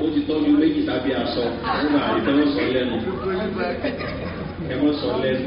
ó ti tọ́jú méjì tàbí aṣọ nígbà àdìtẹ́wọ́sọ lẹ́nu ẹ̀wọ́sọ lẹ́nu.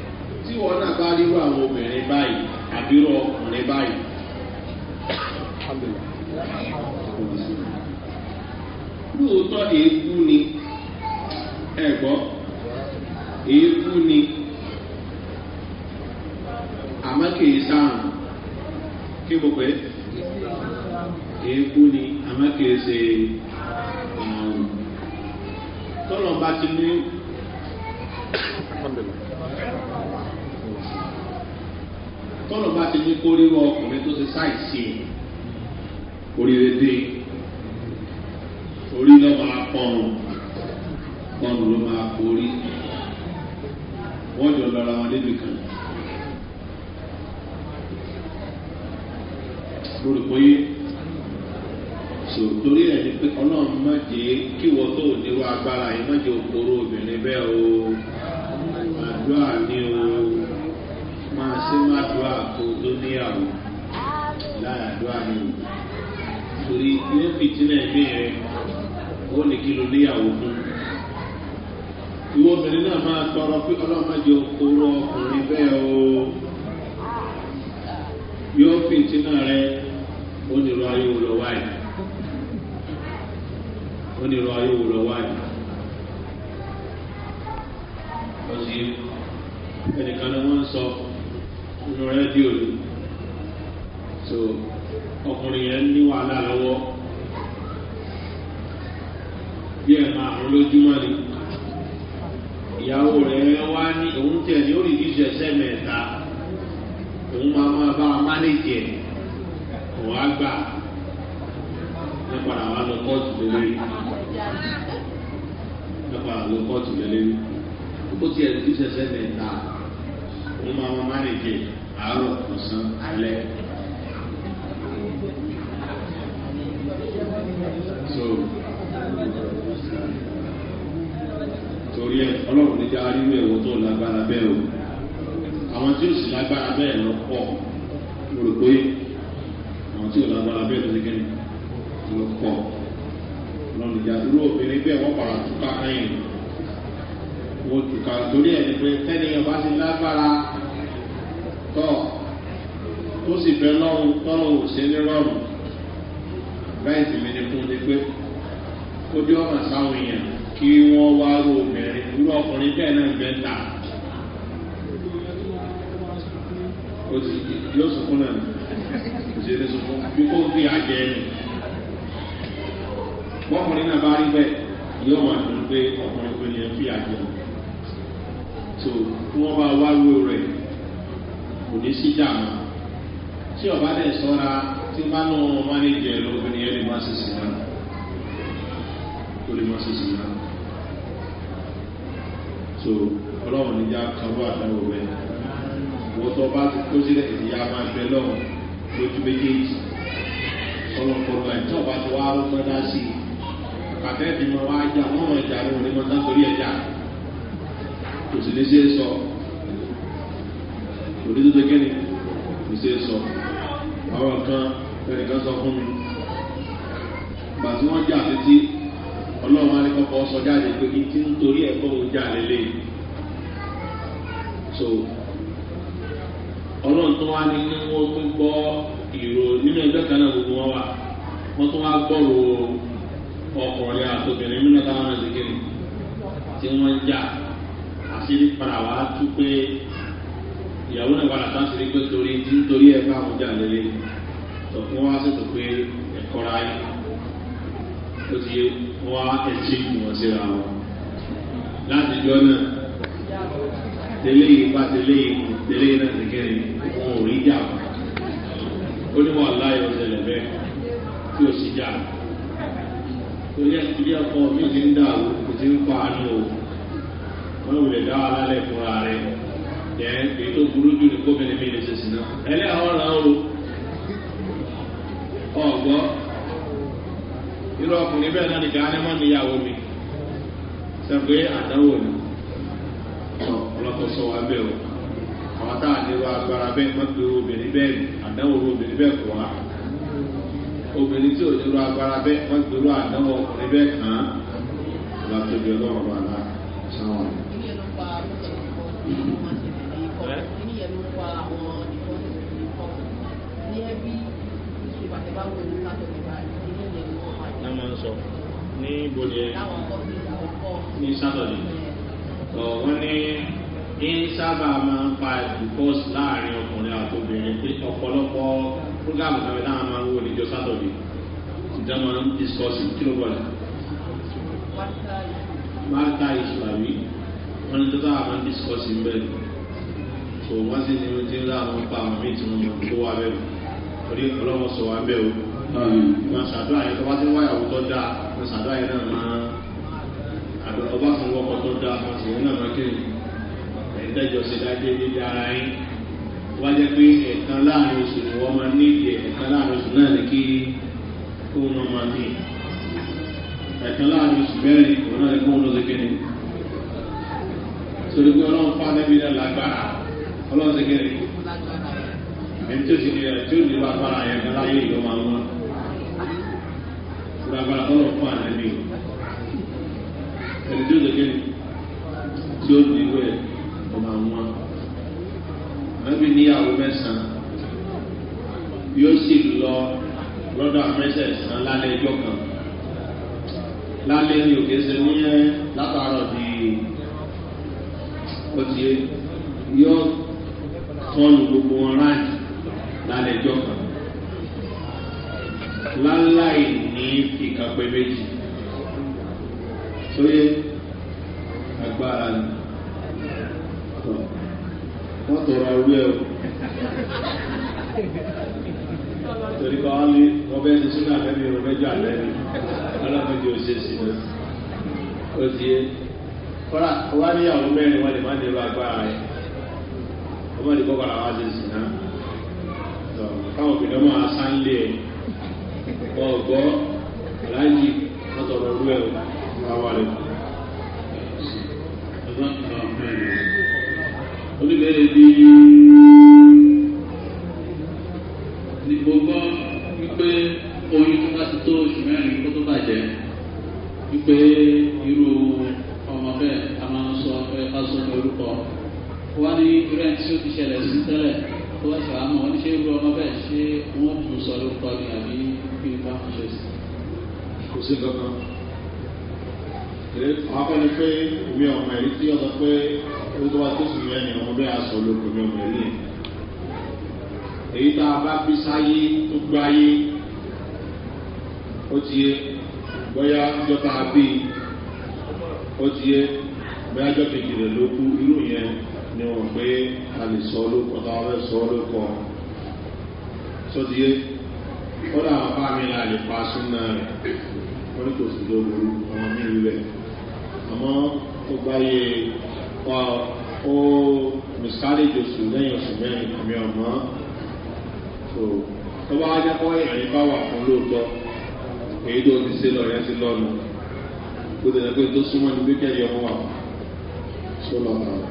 tí wọn náà bá rí àwọn obìnrin báyìí àbírò ọkùnrin báyìí. lóòótọ́ èébú ni ẹ̀gbọ́ èébú ni àmọ́ kìí sáàrùn kí mo pè é èébú ni àmọ́ kìí ṣe àrùn tọ́lọ̀ bá ti ní. tọ́lọ̀ bá ti ní kó ríro ọkùnrin tó ti sáìsì oríire dé orí lọ́ máa pọ̀nù pọ̀nù ló máa forí wọ́n jọ lọ́ra wọn débi kan. lórí pé sòtórí ẹ̀ ni pé ọlọ́run má jẹ́ kí wọ́n tó nírú agbára yìí má jẹ́ òkúrò obìnrin bẹ́ẹ̀ o àdúrà ni o máa ṣe máa dùá kó tó níyàwó lára dùá ni o torí yóò fi tínà rẹ ó ní kí ló níyàwó fún ìwọ obìnrin náà máa tọrọ pé ọlọ́mọdé okòrò ọkùnrin bẹ́ẹ̀ o yóò fi rẹ ó ní lọ ayé wò wáyé ó ní lọ ayé wò wáyé ọ̀sìn ẹnìkan ni wọ́n ń sọ. ọkùnrin rẹ di òní so ọkùnrin yẹn n'iwu ala lọ́wọ́ bí ẹ̀ máa ń lójúmọ́ ni ìyàwó rẹ̀ ní òun tẹ̀ ní ó lè ní ìṣẹ̀ṣẹ̀ mẹ́ta òun máa máa bá wa mánéjì ẹ̀ òun ní máa wọn mánéjì àárọ̀ ọ̀sán alẹ́. so torí ẹ ọlọ́run níjà arínú ẹ̀wọ̀ tó lágbára bẹ́ẹ̀ o àwọn tí ó sì lágbára bẹ́ẹ̀ lọ pọ̀ mo rò pé àwọn tí ó lágbára bẹ́ẹ̀ lọ gẹ́gẹ́ lọ pọ̀ lọ́nà ìjà dúró bẹ́ẹ̀ wọ́n pàrọ̀ àtúkà ẹ̀yìn mo tù torí ẹ̀ ní pé tẹ́niyàn bá ti lágbára tọ̀ tó sì bẹ lọ́rùn tọ́lọ́run ò sí ní tì mí ni fún ni pé ó ọ̀nà sáwọn èèyàn kí wọ́n wá ro obìnrin irú ọkùnrin bẹ́ẹ̀ náà bẹ́ẹ̀ ta yóò sunkún náà kò sí sunkún bí kò fi àjẹ ẹni ọkùnrin náà bá rí bẹ́ẹ̀ yóò máa dùn pé ọkùnrin pé ni ẹ fi àjẹ ẹni tó kí wọ́n bá wá wíwò rẹ̀ kò ní sí dààmú tí ọba dẹ̀ sọ́ra tí bá nù mánéjẹ lóbìnrin yẹn lè má ṣe sí náà kó lè má ṣe sí náà tó ọlọ́run níjà kábọ̀ àdáwò rẹ̀ wọ́n tó bá kó sílẹ̀ ìdíyà máa bẹ lọ́wọ́ lójú méjèèjì ọlọ́pọ̀lọpọ̀ ẹ̀tọ́ ọba tó wá rọ́pọ̀ dá sí i kàtẹ́ẹ̀dì máa wá jà wọ́n mọ̀ ẹ̀jà ní mọ́tà torí ẹ̀jà kò sì lè ṣe é sọ kò ní tó ṣe kíni kò ṣe é sọ àwọn kan ẹnìkan sọ fún mi gbà tí wọ́n jà títí ọlọ́run alẹ́kọ̀ọ́kọ́ sọ jáde pé kí tí nítorí ẹ̀kọ́ òun jà lélẹ̀ so ọlọ́run tó wá ní kí wọ́n tún gbọ́ ìró nínú ẹgbẹ́ kan náà gbogbo wọn wà wọ́n tún wá gbọ́rò ọkùnrin àtòbìnrin nínú táwọn ẹ̀sìn kiri tí wọ́n ń jà àṣírí padà wá tú pé ìyàwó náà padà sáà ṣeré pé torí nítorí ẹ bá àwọn jà lélẹ̀ tọ̀kún wá ṣètò pé ẹ̀kọ́ ra yìí ó ti wá ẹ̀ṣí ìwọ̀n síra wọn láti jọ náà tẹ́lẹ̀ yìí bá tẹ́lẹ̀ yìí kù tẹ́lẹ̀ yìí náà nìkẹ́rin wọn ò rí jà wọn ó ní wọn láyọ̀ ṣẹlẹ̀ bẹ́ẹ̀ tí ó sì jà torí ẹ̀ ti bí ọkọ mi ti ń dà ó ti ń pa àánú òun wulẹ̀ dá wa lálẹ́ fúnra rẹ̀ yẹn èyí tó burú jù ní gómìnà mi lè ṣe sí náà ẹlẹ́yà ọ̀rọ̀ o ọ̀gbọ́ irú ọkùnrin bẹ́ẹ̀ náà ní gánà mọ́ níyàwó mi sẹ́gbẹ́ àdánwò ni ọlọ́kọ̀ sọ wa bẹ́ẹ̀ o àwọn tá à ní wa agbára bẹ́ẹ̀ mọ́tò obìnrin bẹ́ẹ̀ àdánwò obìnrin bẹ́ẹ̀ kọ́ wa ní ibodè ní sátọ̀dì wọ́n ní ní sábà máa ń pa ìdúkọ́sì láàrin ọkùnrin àti obìnrin pé ọ̀pọ̀lọpọ̀ fúgàmù kàwé náà máa ń wo níjọ sátọ̀dì ìjọ máa ń discọ́sì kí ló bọ̀lẹ̀. máta ìṣù wọ́n ní tó táwọn discourse ń bẹ̀rẹ̀ so wọ́n sì ní ti ń láwọn pa àwọn míì tí wọ́n mọ̀ tó wà bẹ̀rẹ̀ torí ọlọ́wọ́ sọ wá bẹ̀ o wọ́n ṣàdó àyè tó bá ti wáyà owó tó dáa wọ́n ṣàdó àyè náà máa àdó ọba fún wọ́kọ̀ tó dáa wọ́n sì ní ọ̀nà kí ẹ̀ẹ́dẹ́jọ́ ṣe dájé níbi ara yín wá jẹ́ pé ẹ̀ẹ̀kan láàrin oṣù ni wọ́n máa ní ìdí ẹ̀ẹ̀kan láàrin oṣù náà ní kí kó wọn máa ní ẹ̀ẹ̀kan láàrin oṣù mẹ́rin òun náà ní kó wọn lọ sí torí pé ọlọ́run fún anábì náà lágbára ọlọ́run ṣe kéré ẹni tó ti di rẹ̀ tí ó ní lágbára yẹn kan láyé ìlú máa ń wá lágbára ọlọ́run fún anábì ẹni tó ṣe kéré tí ó ní ìwé ọ̀ máa ń wá anábì níyàwó mẹ́sàn-án yóò sì lọ lọ́dọ̀ àmẹ́sẹ̀ sàn lálẹ́ ẹjọ́ kan lálẹ́ ní òkè ṣe ní ó ti yọ tọ́nu gbogbo wọn ráàyè lálẹ́ ẹjọ́ kan láláì ní ìkápẹ́ méjì sóyè agbára ni wọ́n tọrọ awúrẹ́ o torí ká wá lé ọbẹ̀ ẹni sínú àlẹ́ mi ọbẹ̀ jọ àlẹ́ mi ọlọ́mọdé ò ṣe sí i ó ti yẹ kọ́ra wá níyàwó mẹ́rin wọ́n lè má dé agbára rẹ̀ wọ́n má dé wá sí sí náà káwọn òbí náà máa ẹ̀ ọ̀gbọ́ aláàjì wọ́n tọrọ orú ẹ̀ wá wà lẹ́kọ̀ọ́ oníbẹ̀rẹ̀ bí ní gbogbo wípé oyún tó bá ti tó oṣù mẹ́rin kó tó bàjẹ́ wípé. wọ́n ní irú ẹni tí ó ti ṣẹlẹ̀ sí tẹ́lẹ̀ tó wọ́n sọ àmọ́ wọ́n ní ṣé irú ọmọ bẹ́ẹ̀ ṣé wọ́n jù sọ lórúkọ ni àbí kí n bá ṣe sí. kò sí kankan àwọn akọni pé omi ọmọ ẹ̀rí tí ọ̀sán pé ó tó wá tó sì yẹn ni ọmọ bẹ́ẹ̀ aṣọ lóko omi ọmọ ẹ̀rí èyí tá a bá bóyá jọta àbí ó ti bóyá jọ kejì rẹ̀ irú yẹn ni wọ́n pé a lè sọ olókọ̀ táwọn fẹ́ sọ olókọ̀ sọ́díyé ó dáwọn bá mi là lè pa súnà rẹ̀ wọ́n ní kò sí tó burú àwọn mílù rẹ̀ àmọ́ ó gbáyé wa ó miscarriage oṣù lẹ́yìn oṣù mẹ́rin àmì ọ̀mọ́ so tó bá wájá kọ́ ìrìn bá wà fún lóòótọ́ èyí tó ti ṣe lọ yẹn ti lọ́nu kó tẹ̀lé pé tó súnmọ́ ní bí kẹ́yọ̀ wà sólọ́nà rẹ̀.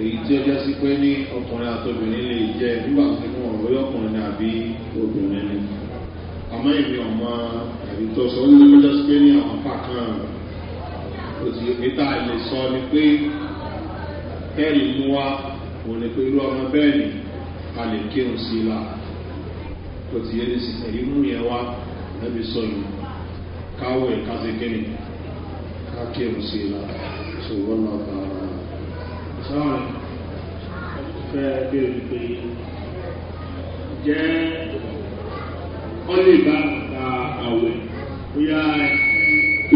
èyí tí ó jẹ́ sí pé ní ọkùnrin àtòbìnrin lè jẹ́ nígbà tó fún ọ̀rọ̀ yọ ọkùnrin àbí obìnrin ni àmọ́ èmi ọmọ àbí tó sọ ó lè lọ́jọ́ sí pé ní àwọn apá kan òtí níta lè sọ ni pé kẹ́rì mú wa òun ni pé irú ọmọ bẹ́ẹ̀ ni a lè kírun sí i la òtí yẹn ní sìnkẹ́ yìí mú yẹn wá ẹbí sọ yìí káwé kásìkẹ́ni ká kírun sí i la ṣùgbọ́n náà bá sọ́run fẹ́ bèrè pé jẹ́ ó lè bá ta àwẹ̀ bóyá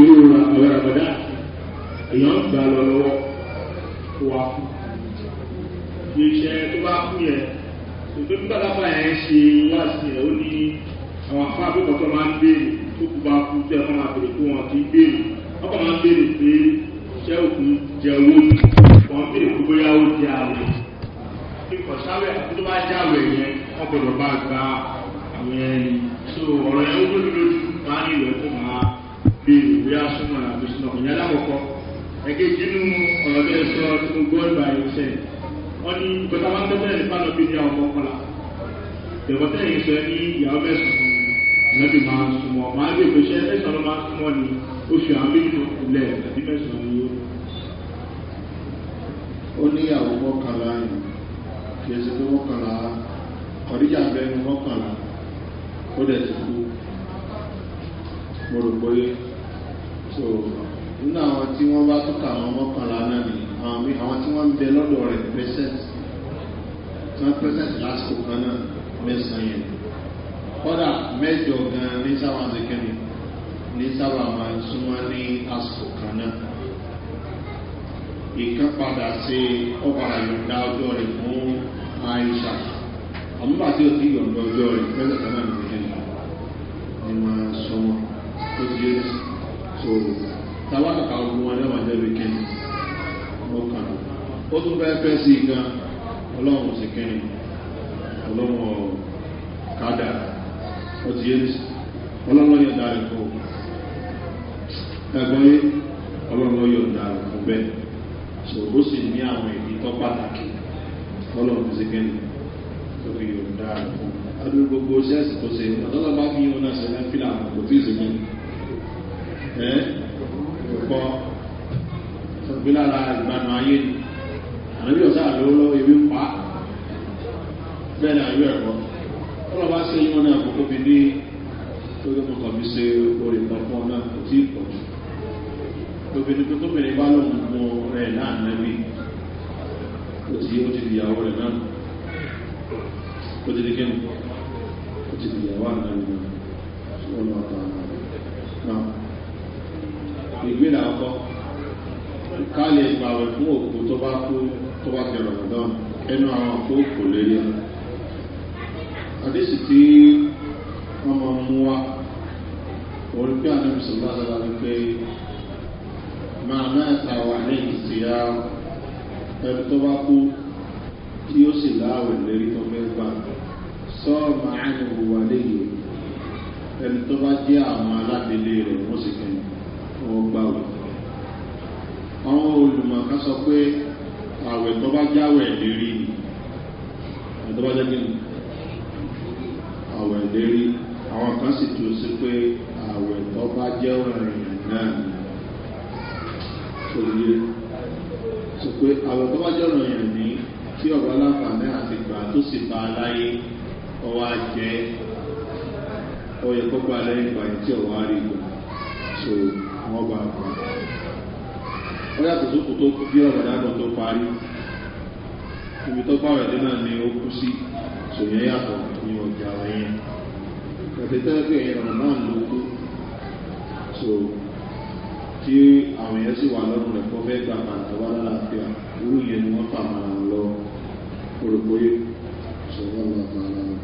irú àwẹ̀ àbọ̀dá èèyàn ń gbà lọ lọ́wọ́ kó wa kú bí iṣẹ́ tó bá kú yẹn tòtò nígbà tábà yẹn ṣe wá sí ẹ̀ ó ní àwọn afá àbúkọ̀ máa ń béèrè tó kú bá kú tẹ̀ fún àbèrè kó wọn ti béèrè wọ́n kàn máa ń béèrè pé iṣẹ́ òkú jẹ owó wọ́n bèrè kú bóyá ó di àwẹ̀ ikọ̀ sáwẹ̀ tó bá jẹ́ àwẹ̀ yẹn wọ́n gbọ́dọ̀ bá gba àwẹ̀ yẹn so ọ̀rọ̀ yẹn ó lórí lójú máa ní ìwẹ̀ tó máa bèrè bóyá súnmọ́ àbí súnmọ́ ìyẹn lákọ̀ọ́kọ́ ẹ̀kẹ́ jínú ọ̀rọ̀ bẹ́ẹ̀ sọ tí mo gbọ́ ìgbà yẹn sẹ́ wọ́n ní gbọ́dọ̀ máa ń tẹ́tẹ́ nípa lọ bí ní ọmọ kọlà ìrọ̀tẹ́ yìí sọ ní ìyàwó mẹ́sàn-án ìrẹ́bí máa ń ó níyàwó mọ́kànlá yìí kì í ṣe pé mọ́kànlá kọ̀díjà bẹnu mọ́kànlá ó dẹ̀ ti kú mo pé so nínú àwọn tí wọ́n bá tọ́ka àwọn mọ́kànlá náà ni àwọn tí wọ́n ń bẹ lọ́dọ̀ rẹ̀ present wọ́n present lásìkò kan náà mẹ́sàn-án yẹn kọ́dà mẹ́jọ gan-an ní sábà ṣe kẹ́ni ní sábà máa ń ní àsìkò kan náà ìkan padà ṣe ọ̀padà yọ̀ǹda ọjọ́ rẹ̀ fún àìsà àmúgbà tí ó ti yọ̀ǹda ọjọ́ rẹ̀ pẹ́lẹ̀ kanáà ní ìdílé ni tó ti yé so tàwa kàkà ogun wọn lẹ́wọ̀n jẹ́bi kẹ́ni wọ́n kàn ó tún fẹ́ fẹ́ sí i gan ọlọ́run sì kẹ́ni ọlọ́run kádà ó ti yé ọlọ́run yọ̀ǹda rẹ̀ fún ẹgbẹ́ ọlọ́run yọ̀ǹda rẹ̀ fún bẹ́ẹ̀ so ó sì ní àwọn èdè tó pàtàkì ọlọ́run ti ṣe kẹ́lẹ́ lórí yorùbá rẹ̀ fún adúlù gbogbo ṣẹ́ẹ̀sì tó ṣe ọlọ́run bá fi yíwọn náà ṣe fẹ́ fílà àwọn kò tí ì ṣe ẹ kọ́ ìgbé lára ìgbàna ayé ni ànábì ọ̀sá àlọ́ lọ ewé pa bẹ́ẹ̀ ni àyọ̀ ẹ̀kọ́ ọlọ́run bá ṣe yíwọn náà kókó fi ní tó yẹ kó kọ̀ fi ṣe orin kan fún ọ náà kò tí ì pọ̀ jù lóbìnrin tó tóbìnrin bá lòun mọ rẹ̀ náà nẹ́bí ó ti ó ti dìyàwó rẹ̀ náà ó ti di kí ni ó ti dìyàwó àgbẹ̀rẹ̀ náà ó lọ ta náà ìgbéra ọkọ ká lè gbàwẹ̀ fún òkú tó bá kú tó bá ti rọ̀rọ̀ náà ẹnu àwọn kó kò lérí ọ tí wọ́n máa mú wa orí pé àdébísọ̀ bá dára wípé máa mẹ́ta wà ní ìsìyà ẹni tó bá kú tí ó sì láàwẹ̀ lérí tó fẹ́ gbà sọ́ọ̀mà àyẹ̀wò wà léyìí ẹni tó bá jẹ́ àwọn aládélé rẹ̀ wọ́n sì kẹ́yìn wọ́n gbàwẹ̀. àwọn olùmọ̀ká sọ pé àwẹ̀ tó bá jáwẹ̀ lérí ni tó bá jẹ́ kí ni àwẹ̀ lérí àwọn kan sì tún sí pé àwẹ̀ tó bá jẹ́ òrìn náà sòrìyé sọ pé àwọn tó bá jọ̀rọ̀ yẹn ní tí ọ̀gá láǹfààní àti gbà tó sì bá a láyé ọwọ́ àjẹ́ ọyẹ kọ́kọ́ alẹ́ ìgbà tí ọ̀wọ́ á gbà so wọ́n bá a gbà. ó yàtọ̀ tó kù tó kú bí ọ̀gá dàgbọ̀ tó parí ibi tó bá rẹ̀ náà ni ó kú sí sòyẹ́ yàtọ̀ ní ọjà ọ̀yẹn. ẹ̀fẹ̀ tẹ́lẹ̀ pé ẹ̀yẹn ọ̀nà náà ló kú so tí àwọn èèyàn sì wà lọ́rùn rẹ̀ kọ́ fẹ́ẹ́ gbà padà wá lálàáfíà irú yẹn ni wọ́n fà máa ń lọ olùkóyè sọ̀rọ̀ lọ́wọ́ fún ara wọn.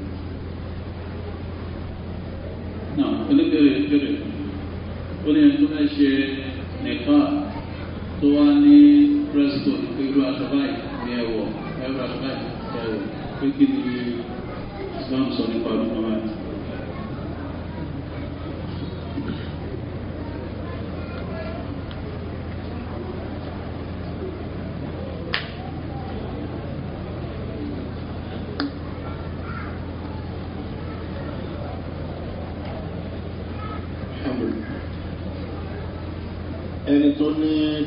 náà oníbèrè ìbéèrè ó ní ẹni tó fẹ́ ṣe nípa tó wá ní presto irú aṣọ báyìí ní ẹ̀wọ̀ ẹ̀rọ aṣọ báyìí ẹ̀wọ̀ pé kí ni islam sọ nípa ọdún kan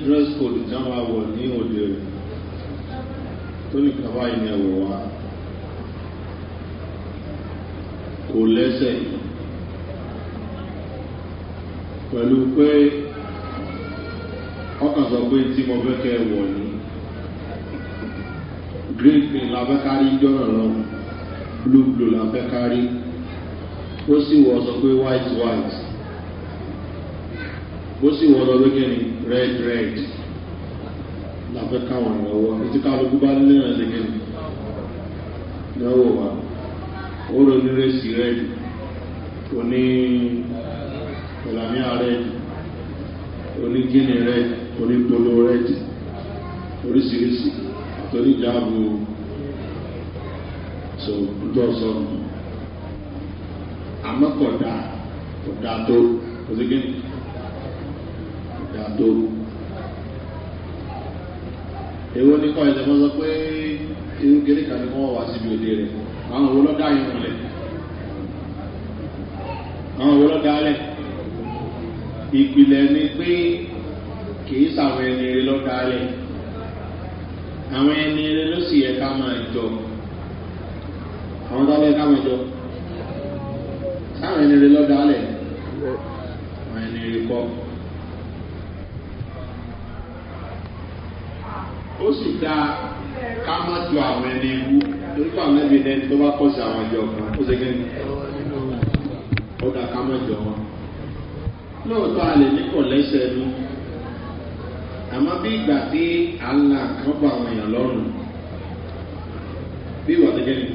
dress code tí wọ́n máa wọ̀ ní òde tó ní kaba ìní ẹ̀wọ̀ wa kò lẹ́sẹ̀ pẹ̀lú pé ọkàn sọ pé tí mo fẹ́ kẹ́ wọ̀ ní green green la fẹ́ kárí jọ́nà lọ blue blue la fẹ́ kárí ó sì wọ̀ sọ pé white white bó sì wọ́n lọ lókè ní red red láfẹ́ káwọn ìrànwọ́ títí kálukú bá nílé náà lókè ní náwó wa ó lọ ní rẹ́sì red oní ìlànà red oní gíní red oní polo red oríṣiríṣi àtọ́rí ìjáàbù so ntọ́sọ àmọ́ kọ̀dà kọ̀dà tó kò sí tó èwo ní kọ́ ẹ̀jẹ̀ fọ́n pé irú kéré kan ní wọ́n wá síbi òde rẹ̀ àwọn owó lọ́dá yìí rẹ̀ àwọn owó lọ́dá rẹ̀ ìpìlẹ̀ ni pé kìí sàwọn ẹni rẹ̀ rẹ̀ àwọn ẹni ló sì yẹ ká máa jọ sì dáa ká má ju àwọn ẹni wú nípa mẹ́bi lẹ́ni tó bá kọ́ sí àwọn ìjọ kan ó ṣe kí ni ó dà ká má jọ wọn. lóòótọ́ a lè ní kò lẹ́sẹ̀ nu àmọ́ bí ìgbà tí à ń la kan bọ àwọn èèyàn lọ́rùn bí ìwà tó jẹ́ ni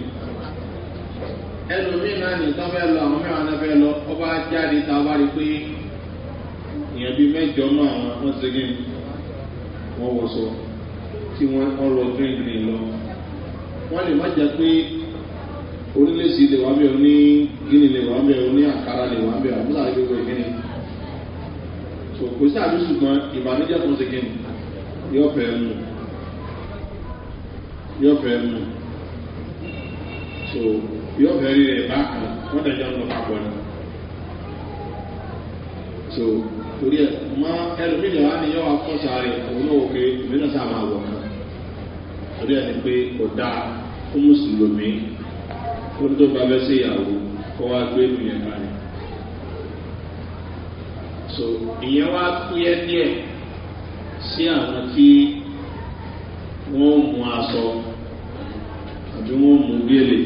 ẹlòmíín náà ní tán fẹ́ lọ àwọn mẹ́wàá náà fẹ́ lọ ọba jáde tá a rí pé ìyẹn bíi mẹ́jọ náà wọ́n ṣe kí ni wọ́n wọ̀ sọ tí wọ́n ń lọ green green lọ. wọ́n lè má jẹ́ pé onílẹ̀sì lè wá bẹ̀ ọ́ ní gíní lè wá bẹ̀ ọ́ ní àkàrà lè wá bẹ̀ ọ́ àbúrò àti gbogbo ìkíni. so kò sí àbí ṣùgbọ́n ìbànújẹ́ tó ń ṣe kíni yóò fẹ́ mú yóò fẹ́ mú so yóò fẹ́ rí rẹ̀ bákan wọ́n dẹ̀ jọ ń lọ papọ̀ ni. so torí ẹ̀ mọ ẹlòmíì wá ní yọ akọ́sà rẹ̀ òun náà òkè èmi náà sábà wọ̀ kan torí ẹ̀ ni pé kò dáa fún mùsùlùmí kó tó bá fẹ́ sí ìyàwó kó wá gbé ìyẹn kalẹ̀ so ìyẹn wá kúyẹ́ díẹ̀ sí àwọn tí wọ́n mú aṣọ àbí wọ́n mú gèlè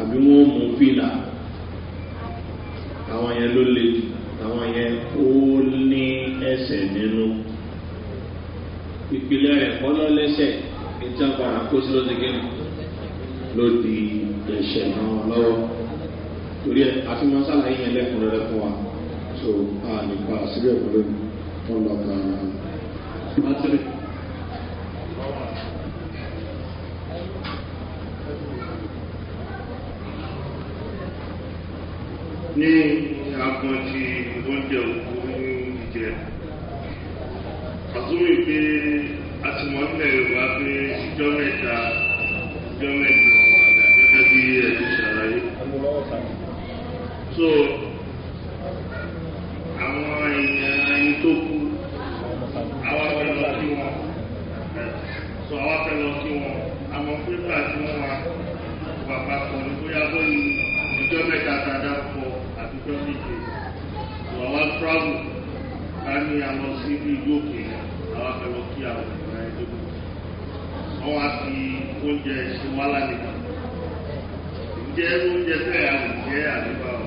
àbí wọ́n mú fìlà àwọn yẹn ló le jù àwọn yẹn ó ní ẹsẹ̀ nínú ìpìlẹ̀ rẹ̀ kọ́lọ́ lẹ́sẹ̀ níta padà kó sí lọ́sẹ̀ kí ni ló di ẹ̀ṣẹ̀ náà lọ́wọ́ torí ẹ̀ àti wọn sálàyé yẹn lẹ́kùnrẹ́rẹ́ fún wa so a nípa síbẹ̀ pẹ̀lú wọn lọ kàn án. ní agbọn ti oúnjẹ òkú ní ìjẹ àtúwì pé àtìmọ́lẹ̀ wá pé ìjọ mẹ́ta ìjọ mẹ́ta gẹ́gẹ́ bí ẹ̀dùn ṣàlàyé a ní a lọ sí bí ìlú òkè àwọn afẹ́lọ kí àwọn ìgbà ẹgbẹ́ gbogbo wọ́n wá fi oúnjẹ ṣe wá lálejò ǹjẹ́ oúnjẹ bẹ́ẹ̀ a lè jẹ́ àdébà o.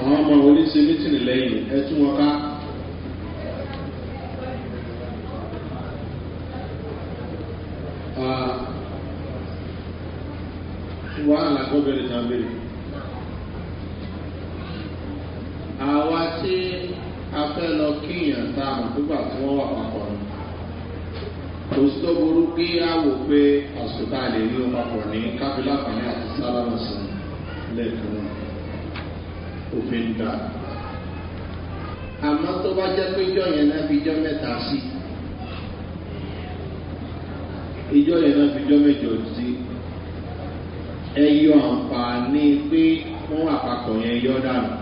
àwọn ọmọ wo ní ṣe mítìrì lẹ́yìn ẹ tún wọn ká. Ah, wàhálà kọ́ bẹ̀rẹ̀ tàbí. fẹ́ lọ kí èèyàn ta àgbégbà tí wọ́n wà papọ̀ ni kò sí tó burú kí á wò pé àsùnká lè rí papọ̀ ní kábílà pàmì àti sálámà sí lẹ́ẹ̀kan náà òfin dà àmọ́ tó bá jẹ́ pé ìjọ yẹn náà fi jọ́ mẹ́ta sí ìjọ yẹn náà fi jọ́ mẹ́jọ sí ẹ yọ àǹfààní pé wọ́n wà papọ̀ yẹn yọ dànù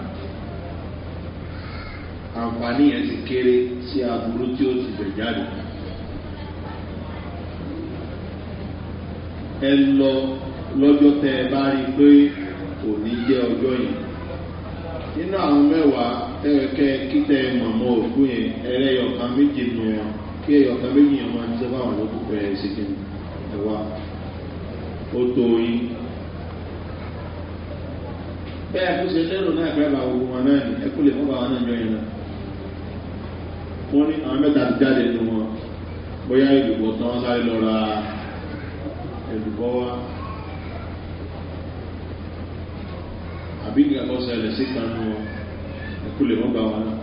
àǹfààní yẹn ti kéré sí aburú tí ó ti bẹ̀ jáde. ẹ lọ lọ́jọ́ tẹ ẹ bá rí i pé kò ní jẹ́ ọjọ́ yìí nínú àwọn mẹ́wàá ẹ̀ẹ́kẹ́ kíkẹ́ mọ̀mọ́ òkú yẹn ẹlẹ́yọ̀ká méje nù wọn kí ẹ̀yọ̀ká méjì yẹn máa ń tẹ́ báwọn lókùn bẹ̀rẹ̀ sí kí ẹ̀wà ó tó yín bẹ́ẹ̀ kó ṣe lérò náà ẹ̀fẹ́ bá gbogbo wọn náà ní lè fún bá wọn náà jọ yẹn náà wọ́n ní àwọn mẹ́ta ti jáde nínú wọn bóyá ìdìbò tán sáré lọ ra ìdìbò wa àbí ìgbàgbọ́ sẹlẹ̀ síta nù wọn ẹ̀kú lè wọ́n gbà wọn náà.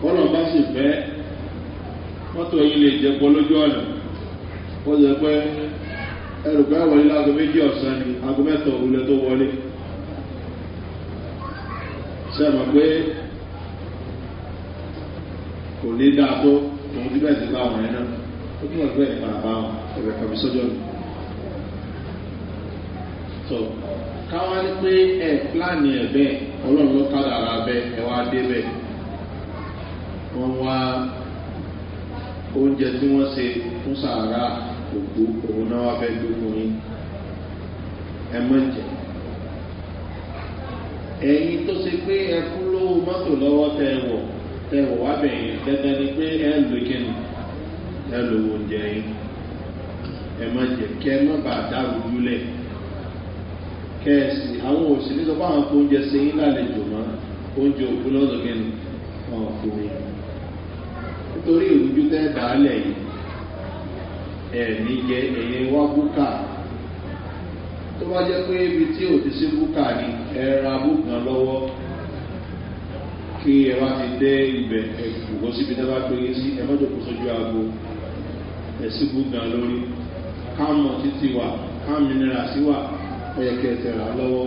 bọ́lá bá sì fẹ́ mọ́tò yìí lè jẹ́ pọ́ lójú ọ̀nà ó jẹ́ pé ẹrù pẹ́ wọlé láago méjì ọ̀sán ni aago mẹ́tọ̀ òwúlẹ̀ tó wọlé. sẹ́ẹ̀ pé kò lè dáa tó òun ti bẹ́ẹ̀ sí láwọn ẹ̀ náà ó kí wọ́n bẹ́ẹ̀ padà bá ẹ̀rẹ̀ kàbí sọ́jọ́ mi. tó káwá ní pé ẹ̀ pílánì ẹ̀ bẹ́ẹ̀ ọlọ́run ló ká dára bẹ́ẹ̀ ẹ̀ wá dé bẹ́ẹ̀ wọ́n wá oúnjẹ tí wọ́n ṣe fún sàárà òkú òun náà ẹ wò wá bẹ̀ yẹn dandan ni pé ẹ lò kíni ẹ lò wò jẹ yín ẹ má jẹ kẹ kẹ ẹ sì àwọn òṣèlú sọ pé àwọn oúnjẹ ṣe yín oúnjẹ òkú lọ́sọ̀ kíni fún mi nítorí ìrújú ra búkà lọwọ. tí ẹ bá ti dé ibẹ̀ ẹ̀kọ́ síbi tẹ́ bá gbéyé sí ẹ mọ́jọ kó sójú aago ẹ̀sìn gbúgan lórí káàmọ̀ títí wà káàmì nira sí wà ẹ̀yẹ kẹsẹ̀ rà lọ́wọ́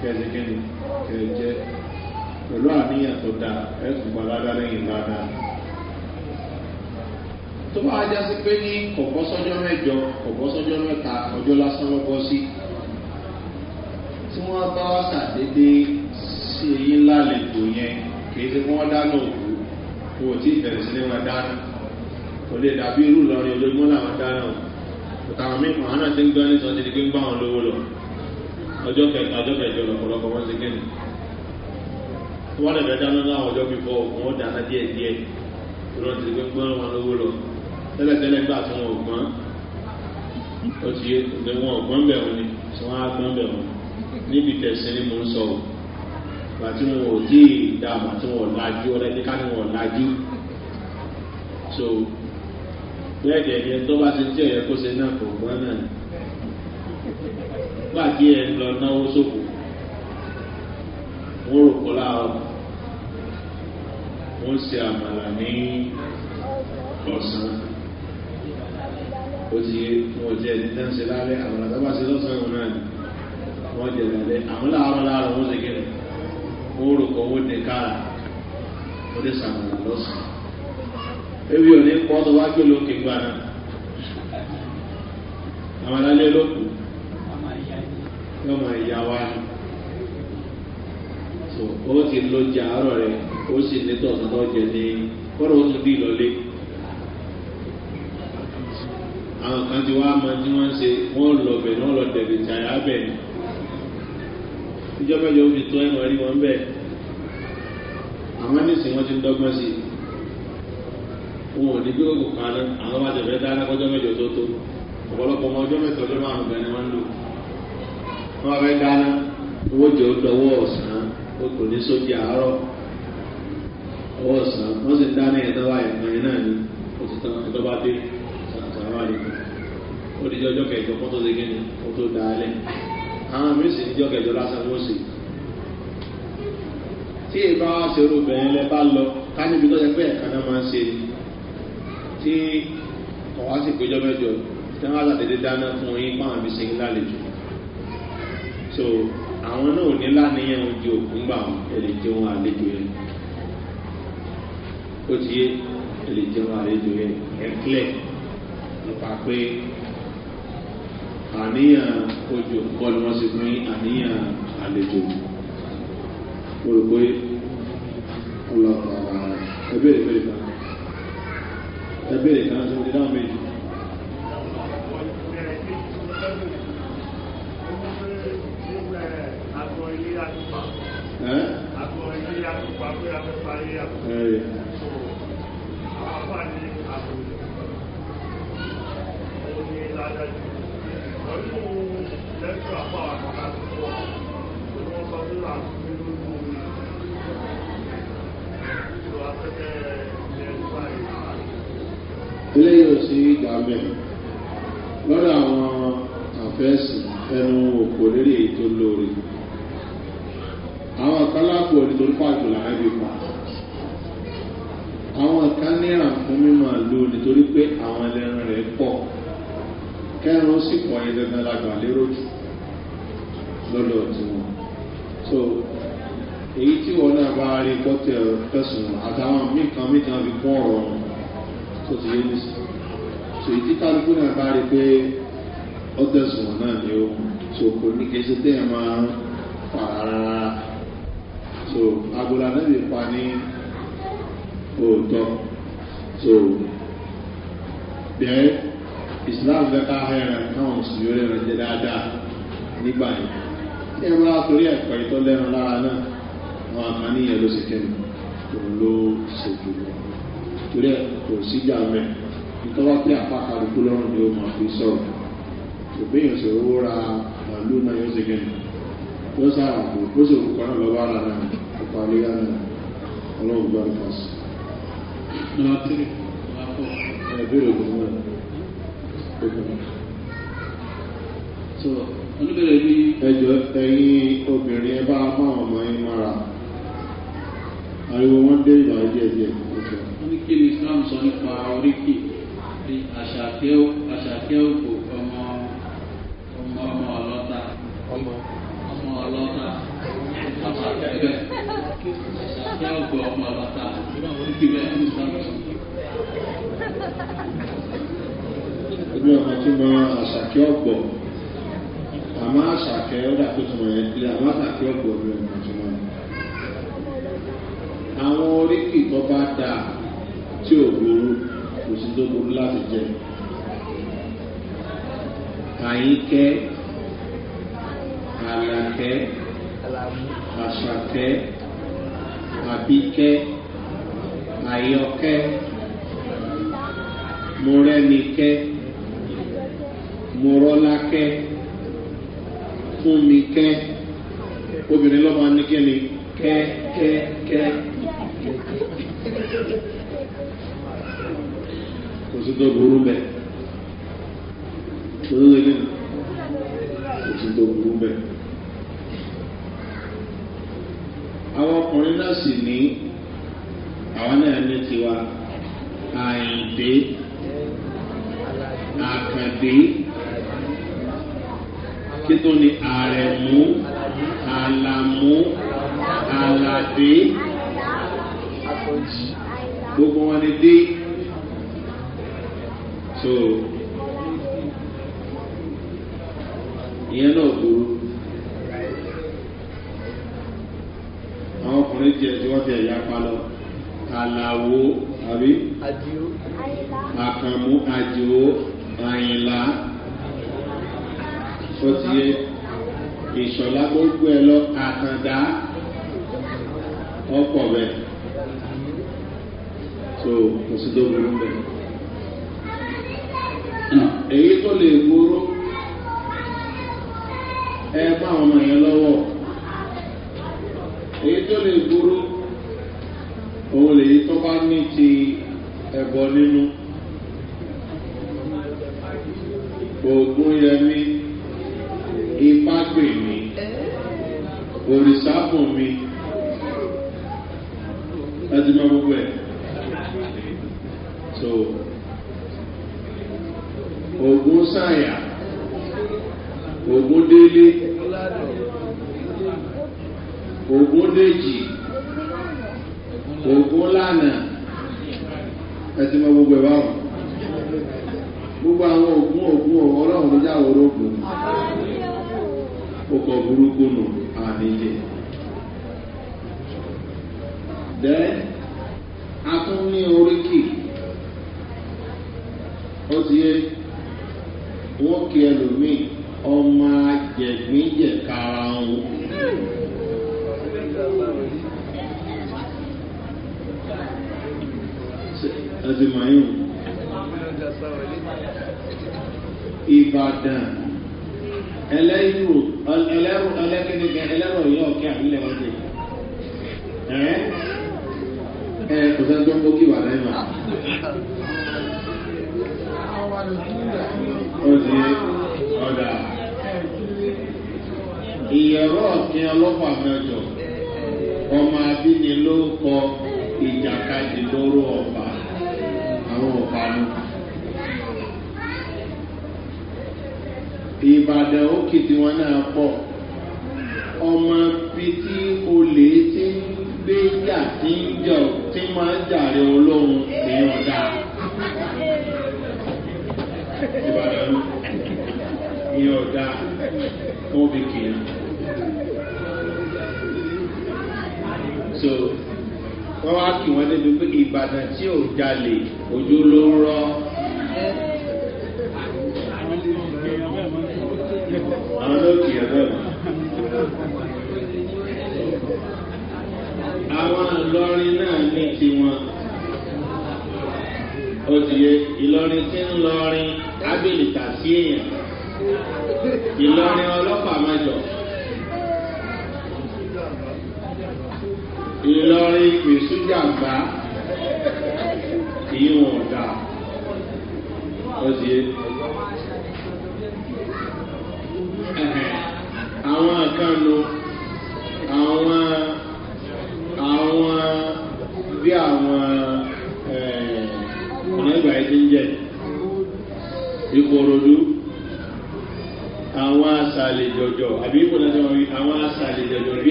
kẹsẹ̀ kẹni kẹjẹ pẹ̀lú àníyàn tó da ẹ̀sùn gbalada lẹ́yìn dáadáa tó bá ajá sí pé ní kọ̀kọ́ sọ́jọ́ mẹ́jọ kọ̀kọ́ sọ́jọ́ mẹ́ta ọjọ́ lásán lọ́kọ́ sí tí wọ́n bá wá sàdédé tí eyín ńlá lè tò yẹn kìí ṣe wọ́n dáná òkú kò tí ì bẹ̀rẹ̀ sí ní wọn dáná kò lè dàbí irú lọrin ojoojúmọ́ làwọn dáná o òtàwọn mí àwọn náà ti ń gbọ́ ní sọ ti di pé ń bá wọn lówó lọ ọjọ́ kẹta ọjọ́ kẹjọ lọ̀pọ̀lọpọ̀ wọn ti gé ni wọ́n lè fẹ́ dáná láwọn ọjọ́ bíbọ̀ wọn dáná díẹ̀ díẹ̀ ìrọ̀ ti di pé ń gbọ́ níbi tẹ̀sí ni mò ń sọ ọ́ ìgbà tí wọn ò tí ì da àmà tí wọn ò lajú ọlẹ́ni ká ní wọn ò lajú so bẹ́ẹ̀ dẹ̀ yẹn tó bá ti tí ẹ̀yẹ kó ṣe náà kò gbọ́n náà gbà kí ẹ lọ náwó sóko wọ́n rò kọ́ láàárọ̀ wọ́n ṣe àmàlà ní ọ̀sán ó ti wọ́n jẹ́ ẹni tẹ́ ń ṣe lálẹ́ àmàlà tó bá ṣe lọ́sàn-án náà ni wọ́n jẹ́ lálẹ́ àmàlà àwọn láàárọ̀ ṣe kẹ́lẹ́ owó rògbò owó dé kára ó lọ́sàn-án ebi òní pọ́ tó wá gbé lókè gbà náà àwọn alálé olóko yóò máa ya wá so ó ti lo jẹ àárọ̀ rẹ ó sì ní tọ̀sán tó jẹ ní kọ́rọ̀ ó tún bí ìlọlé àwọn kan ti wá máa tí wọ́n ń ṣe wọ́n lọ náà lọ tẹ̀lé bẹ̀ ni ìjọ mẹ́jọ ó fi tó ẹ̀mọ̀ rí wọn bẹ́ẹ̀ àwọn nísìn wọn ti ń dọ́gbọ́n sí i wọn ò ní gbé òkú kan náà àwọn bá tẹ̀fẹ́ dáná kọjọ́ mẹ́jọ tó tó ọ̀pọ̀lọpọ̀ ọmọ ọjọ́ mẹ́ta ọjọ́ márùn-ún gan ni wọ́n ń lò wọ́n bá fẹ́ dáná owó jẹ́ ó dọwọ́ ó kò ní sójú àárọ̀ ọwọ́ ọ̀sán wọ́n sì ń dáná ẹ̀ náà wáyé yẹn náà ni ó ti tán ẹ̀ tó bá dé sàrà wáyé kan ó di ọjọ́ kẹjọ kó ni kó tó dáa lẹ́yìn àwọn mi sì níjọ́ kẹjọ lásán wọ́n sì. tí ìbá wa ṣe irú bẹ̀rẹ̀ lẹ bá lọ ká níbi tó ṣe pé ẹ̀ka náà máa ń ṣe tí ọ̀wá sì péjọ mẹ́jọ tí wọ́n á sàdédé dáná fún yín páwọn mi ṣe ń lálejò. so àwọn náà ò ní láníyàn ojú òkú gbà wọn ẹ̀lẹ́ tí wọ́n àlejò yẹn. ó ti yé ẹ̀lẹ́ tí wọ́n àlejò yẹn ẹ̀ ń kílẹ̀ nípa pé àníyàn ojú kọ́ ni wọ́n ti pín àníyàn àlejò mo rò pé ọlọ́ọ̀ọ́ ẹgbẹ́ ìfẹ́ ìfẹ́ ẹgbẹ́ ìkan tó ti dáhùn méjì. Thank you eléyìí ò sí ìdàmẹ́ lọ́dọ̀ àwọn àfẹ́sì ẹnu òkò lórí èyí tó lórí àwọn kan lápò nítorí pàjù làábí pa àwọn kan ní àfún mímọ̀ lò nítorí pé àwọn ẹlẹ́rìn rẹ̀ pọ̀ kẹrùn sì pọ̀ yẹn dandan lágbà lérò jù lọ́dọ̀ tí wọn. so èyí tí wọn náà bá rí kọ́tẹ̀ fẹ̀sùn àtàwọn mìkan mìkan fi kún ọ̀rọ̀ tó ti yé ní so èyí tí kálukú náà bá rí pé ó tẹ̀sùn náà ni ó so kò ní kí ẹsẹ̀ tẹ̀yẹ̀ máa fà rárá. so agbola náà lè pa ní òótọ́ so bẹ́ẹ̀ islam fẹ́ ká hẹ́rẹ̀ káwọn mùsùlùmí rẹ̀ rẹ̀ jẹ dáadáa nígbà yìí ní ẹ̀rọ torí ẹ̀pẹ̀ tó lẹ́nu lára náà wọn àkà níyẹn ló sì kẹ́nu òun ló ṣèjú wọn torí ẹ̀ kò síjà mẹ́ nítorí wọ́n pé àpákàlùkù lọ́rùn ni ó máa fi sọ̀rọ̀ òbí yóò ṣe owó ra màálù náà yóò ṣe kẹ́nu yóò sára kó ó sì kọ́ náà lọ́wọ́ ara náà ọ̀pọ̀ àlẹ́yà náà ọlọ́run gbọ́dọ̀ fọ́ọ̀sì. Number three, number four. Ẹ̀bí rẹ̀ gbọ́dọ̀ obìnrin. so oníbẹ̀rẹ̀ bí ẹjọ́ ẹ̀yin obìnrin ẹ bá máa ọmọ yín mára ariwo wọn dé ìbàdí díẹ̀ díẹ̀. wọ́n ní kí ni islam sọ nípa oríkì àṣàkẹ́ òkò ọmọ ọmọ ọmọ ọlọ́ta ọmọ ọlọ́ta àṣàkẹ́ àṣàkẹ́ òkò ọmọ ọlọ́ta oríkì bẹ́ẹ̀ ní islam bí ọmọ tí mo àṣàkí ọ̀gbọ̀ àmọ́ àṣàkẹ́ ọ̀dà tó tọmọ yẹn pé àmọ́ àṣàkí ọ̀gbọ̀ ni ọmọ tí mo ní. àwọn oríkì tó bá dà tí ò burú kò sí tó burú láti jẹ. àyíkẹ́ àlàkẹ́ àṣàkẹ́ àbíkẹ́ àyọkẹ́ mọ̀rẹ́nikẹ́ mọ̀rọ́lákẹ́ fún mi kẹ́ obìnrin lọ́mọ anigẹ́ni kẹ́ kẹ́ kẹ́ kò sí tó burú bẹ́ẹ̀ kò sí tó burú bẹ́ẹ̀ kò sí tó burú bẹ́ẹ̀. àwọn ọkùnrin náà sì ní àwọn náà ní tiwa àyìndé àkàndé títún ni àrẹ̀mú àlàmú àlàdé gbogbo wọn ni dé so ìyẹn náà burú àwọn ọkùnrin jẹ tí wọn fi ẹ̀yà pa lọ àlàwo àbí àkànmú àjò àyìnlá sọtìyẹ ìṣọ̀lá gbogbo ẹ lọ àkàndá ọkọ̀ bẹ̀ tó kò sí tó burú bẹ̀. èyí tó lè gbóró ẹ bá àwọn ọmọ yẹn lọ́wọ́ èyí tó lè gbóró òun lèyí tó bá ní ti ẹ̀bọ nínú oògùn yẹn ní. pè mí òrìṣà bò mí láti máa gbogbo so ogun sáyà ogun délé ogun déjì ogun lánà gbogbo ẹ báwọn gbogbo àwọn ogun ogun ọlọ́run ló ụkọ bụrụ gwunu ụ ahịhe dee akụna a onwe ozie nwoke ụ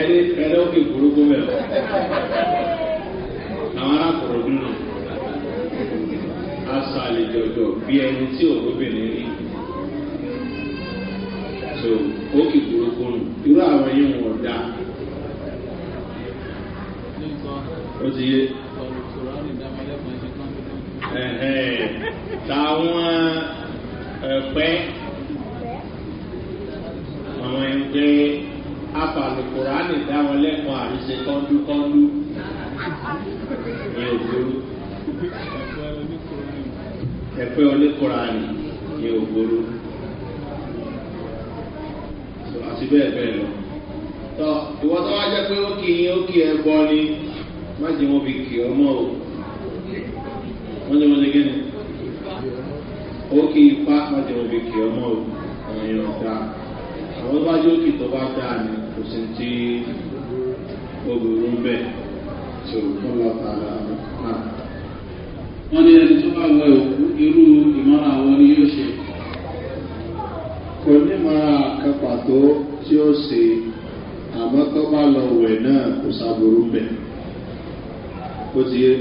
ẹni ẹni ó fi burúkú bẹ̀ lọ. àwọn arákùnrin dùn náà aṣọ àlejòjò bí ẹni tí òróbìnrin rí so ó kì burúkú nù irú àwọn yìí wọn dá ó ti yé táwọn ẹ̀pẹ́. ka alukurani dá wọn lẹ́kọ̀ọ́ àríṣe kọ́ńdúkọ́ńdú ní ògbóró ẹ̀pẹ́ oníkurani ní ògbóró àti bẹ́ẹ̀ bẹ́ẹ̀ lọ. tọ́ ìwọ tó wá jẹ́ pé ó kì í ó kì í ẹ gbọ́ ni má jẹ́ wọn fi kì ọmọ o wọ́n jẹ́ wọn ṣe kí ni ó kì í pa má jẹ́ wọn fi kì ọmọ o ọ̀yàn ọ̀gá àwọn tó bá jókè tó bá dáa ni kò sí tí obìnrin bẹ́ẹ̀ tó kọ́ lọ́tàlá náà. wọ́n ní ẹni tó bá wẹ òkú irú ìmọ̀ra àwọn ni yóò ṣe. kò ní mara kan pàtó tí ó ṣe àmọ́ tó bá lọ wẹ̀ náà kò sábòrò bẹ́ẹ̀. ó ti yé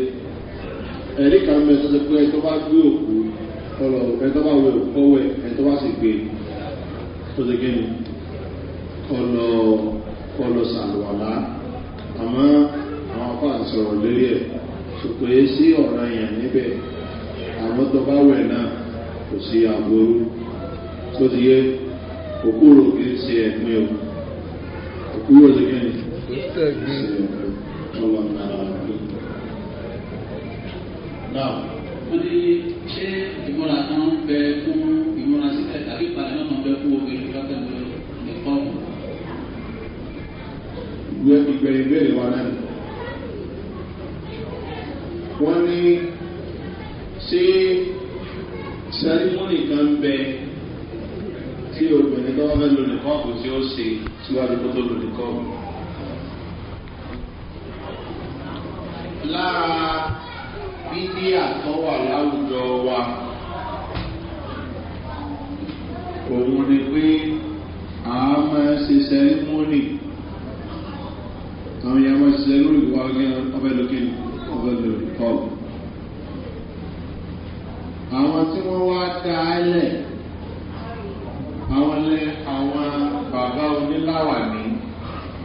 ẹ̀rí kan mẹ́ta tó pé tó bá gbé òkú ọlọ́run ẹ̀ bá wẹ òkú ọwẹ́ ẹ̀ bá sì gbé tó ti gé ni ọlọ ọlọ sàlùwàlá àmọ́ àwọn apá àsọ̀rọ̀ lórí ẹ̀ ṣùgbọ́n sí ọ̀rọ̀ yẹn níbẹ̀ àwọn tó bá wẹ̀ náà kò sí àbúrú tó ti yẹ òkúrò kì í ṣe ẹ̀gbẹ́ o òkúrò ti kẹ́ ni. Now, wọ́n ti ṣe ìmúra kan bẹ fún ìmúra sílẹ̀ tàbí ìpàdé náà kan bẹ fún omi. ìwé ìgbẹ̀rẹ̀ ìbéèrè wa náà wọ́n ní ṣé sẹ́rímọ́nì kan ń bẹ tí obìnrin tó fẹ́ lò ní kọ́ọ̀pù tí ó ṣe síwájú kó tó lò ní kọ́ọ̀pù. lára bíbí àtọ́wà láwùjọ wa òun ni pé àá máa ṣe sẹ́rímọ́nì àwọn èèyàn máa ṣiṣẹ́ lórí ìwà gẹ́gẹ́ ọbẹ̀ lókè ọbẹ̀ lórí kọ́ọ̀bù àwọn tí wọ́n wá dáálẹ̀ àwọn lẹ àwọn bàbá oníláwà ní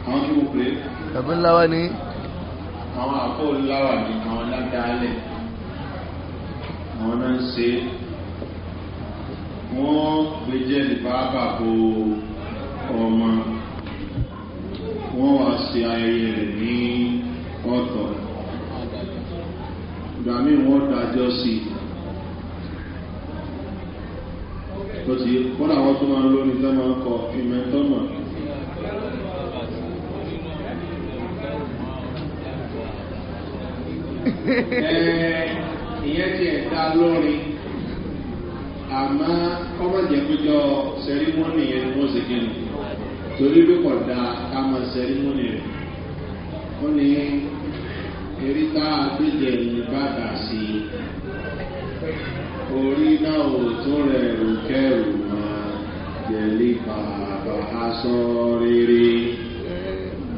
àwọn tí wọ́n pè é. bàbá ńláwà ní. àwọn àpò oníláwà ní àwọn ládáálẹ̀ àwọn náà ń ṣe wọ́n gbé jẹ́ ìbáàbà bo ọmọ wọ́n wá ṣe ayẹyẹ rẹ̀ ní ọ̀tọ̀ ìgbà míì wọ́n dájọ́ sí i tó ti kọ́dà wọ́n tún máa ń lórí tó máa ń kọ ìmẹ́tọ́mọ̀. ìyẹn ti ẹ̀ dá lórí àmọ́ kọ́mọ̀jẹ̀ péjọ sẹ́rí wọ́n nìyẹn ni wọ́n ṣe kí ni torí pé kò dáa ká mọ sẹ́rímọ́nì rẹ̀ ó ní eré tá a gbéjẹ ní bàtà sí i orí náà ò tún rẹ̀ rò kẹ́rù mọ́ jẹ̀lí bàbá aṣọ rere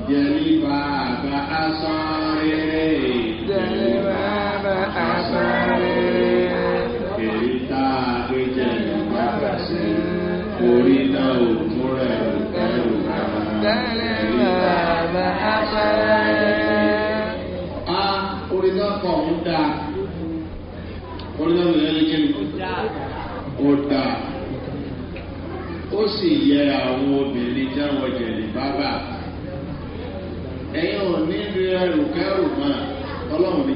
jẹ̀lí bàbá aṣọ rere jẹ̀lí bàbá aṣọ rere. dáa olùdókòwò yẹn lè kí ni ó dáa ó sì yẹ àwọn obìnrin tí àwọn jẹ̀lì bábà ẹ̀yin ò ní rí ẹrù ní bá wọn o. ní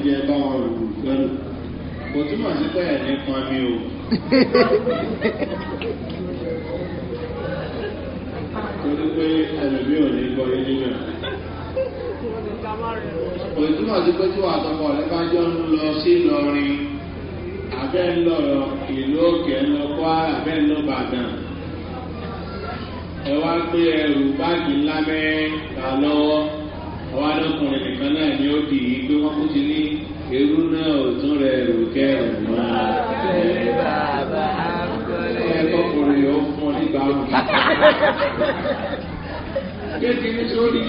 òtúmọ̀ sí pé tí wàá tọkọ rẹ bá jọ ń lọ sí lọrin abẹ́ ń lọ̀rọ̀ ìlú òkè ń lọ kọ́ abẹ́ ń lọ bàdàn ẹ wá gbé ẹrù báàgì ńlá mẹ́ta lọ́wọ́ ọwọ́ adọ́kùnrin nìkan náà ni ó dì í pé wọ́n kú ti ní irú náà ò tún rẹ̀ rò kẹrùn mọ́. ẹ̀kọ́kùnrin yóò fún ọ nígbà wọn àjẹ́sí nítorí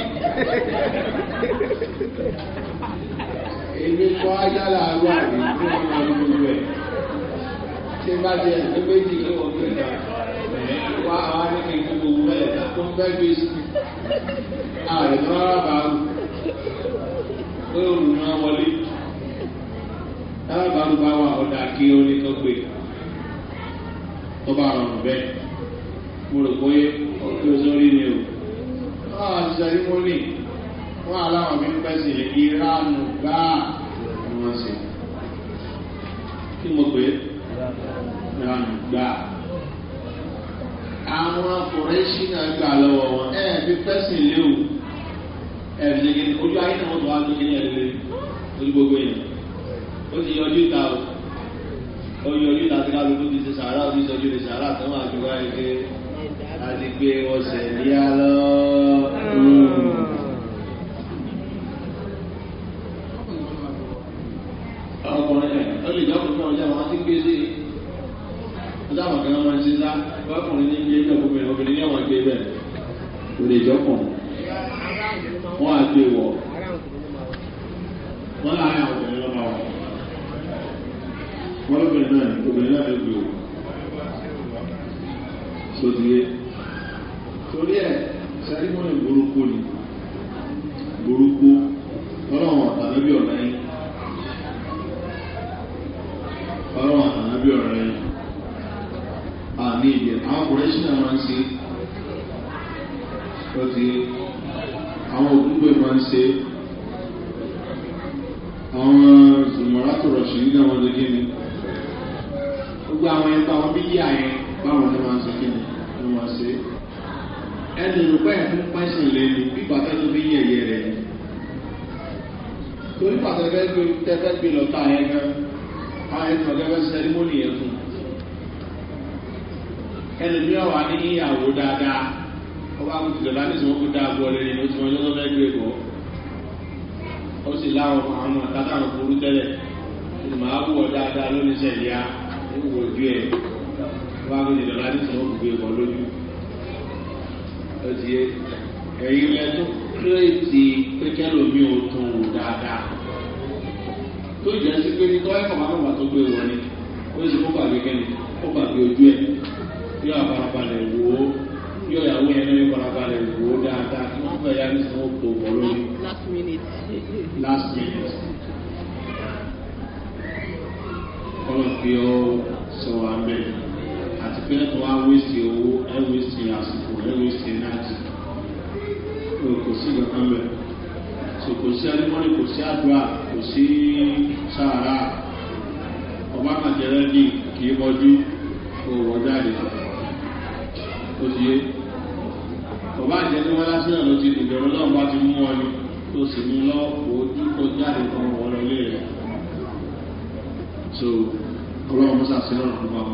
èmi kọ́ ayára àrùn àrùn tó ń lọ nínú rẹ̀ ṣé bá jẹ́ ẹ̀jẹ̀ méjì ní ọ̀gbìn náà wá àwọn akéèké gbogbo mẹ́lẹ̀ tó ń fẹ́ gbé sí ààrẹ tó rárá bá rù pé òun máa wọlé rárá bá bá wà ọ̀dà kí ó ní kọ́ bẹ́ẹ̀ mo rò pé ọ̀gbìn sórí ni o fáwọn àtijọ́ ní mo lè wọ́n aláwọ̀ mi ń pẹ́sì ìránù gbáà ni wọ́n ṣe kí mo pè é ìránù gbáà àwọn akùrẹ́sì náà gbà lọ́wọ́ wọn ẹ̀ fi pẹ́sì léwu ẹ̀ fi ṣe kéde ojú ayé náà wọ́n tó wá ní kéde ẹ̀ lé ojú gbogbo yẹn ó ti yọjú ìta o ó yọjú ìta tí kálukú ti ṣe sàárà ó ti sọjú ìṣàrà tó wà jù wáyé pé a ti gbé ọ̀sẹ̀ ní alọ́ọ́. ti ńlá bákùnrin ní gbé bẹ́ẹ̀ gbogbo ẹ̀ obìnrin ní àwọn gbé bẹ́ẹ̀ kò lè jọ́kùn wọ́n á gbé wọ̀ wọ́n láàárín àwọn obìnrin lọ́wọ́ wọn wọ́n lóbìnrin náà obìnrin náà ló gbé wọ̀ sódìé.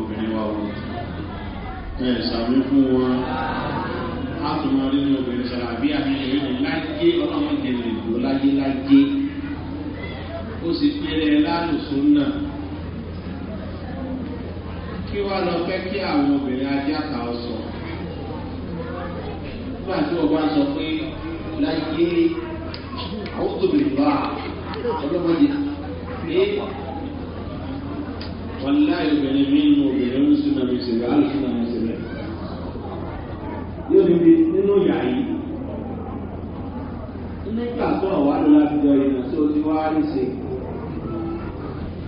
obìnrin wa wò ẹ̀ sàmì fún wọn á tún máa rí ní obìnrin sọ̀rọ̀ àbí àmì ìrìn láyé ọlọ́run tẹ̀lé lò láyé láyé ó sì péré lálùsùn náà kí wá lọ fẹ́ kí àwọn obìnrin ajá ta ọ sọ nígbà tí wọ́n bá sọ pé láyé àwọn tóbi lọ́à ọlọ́mọdé pé wọn láì bẹ̀rẹ̀ mí nù obìnrin ń sinmi àmì ìṣẹ̀lẹ̀ àlùfáà àmì ìṣẹ̀lẹ̀ yóò níbi nínú ìyá yìí nígbà tó àwọn àdúrà fi jọ ìrìnà tó ti wá rí sí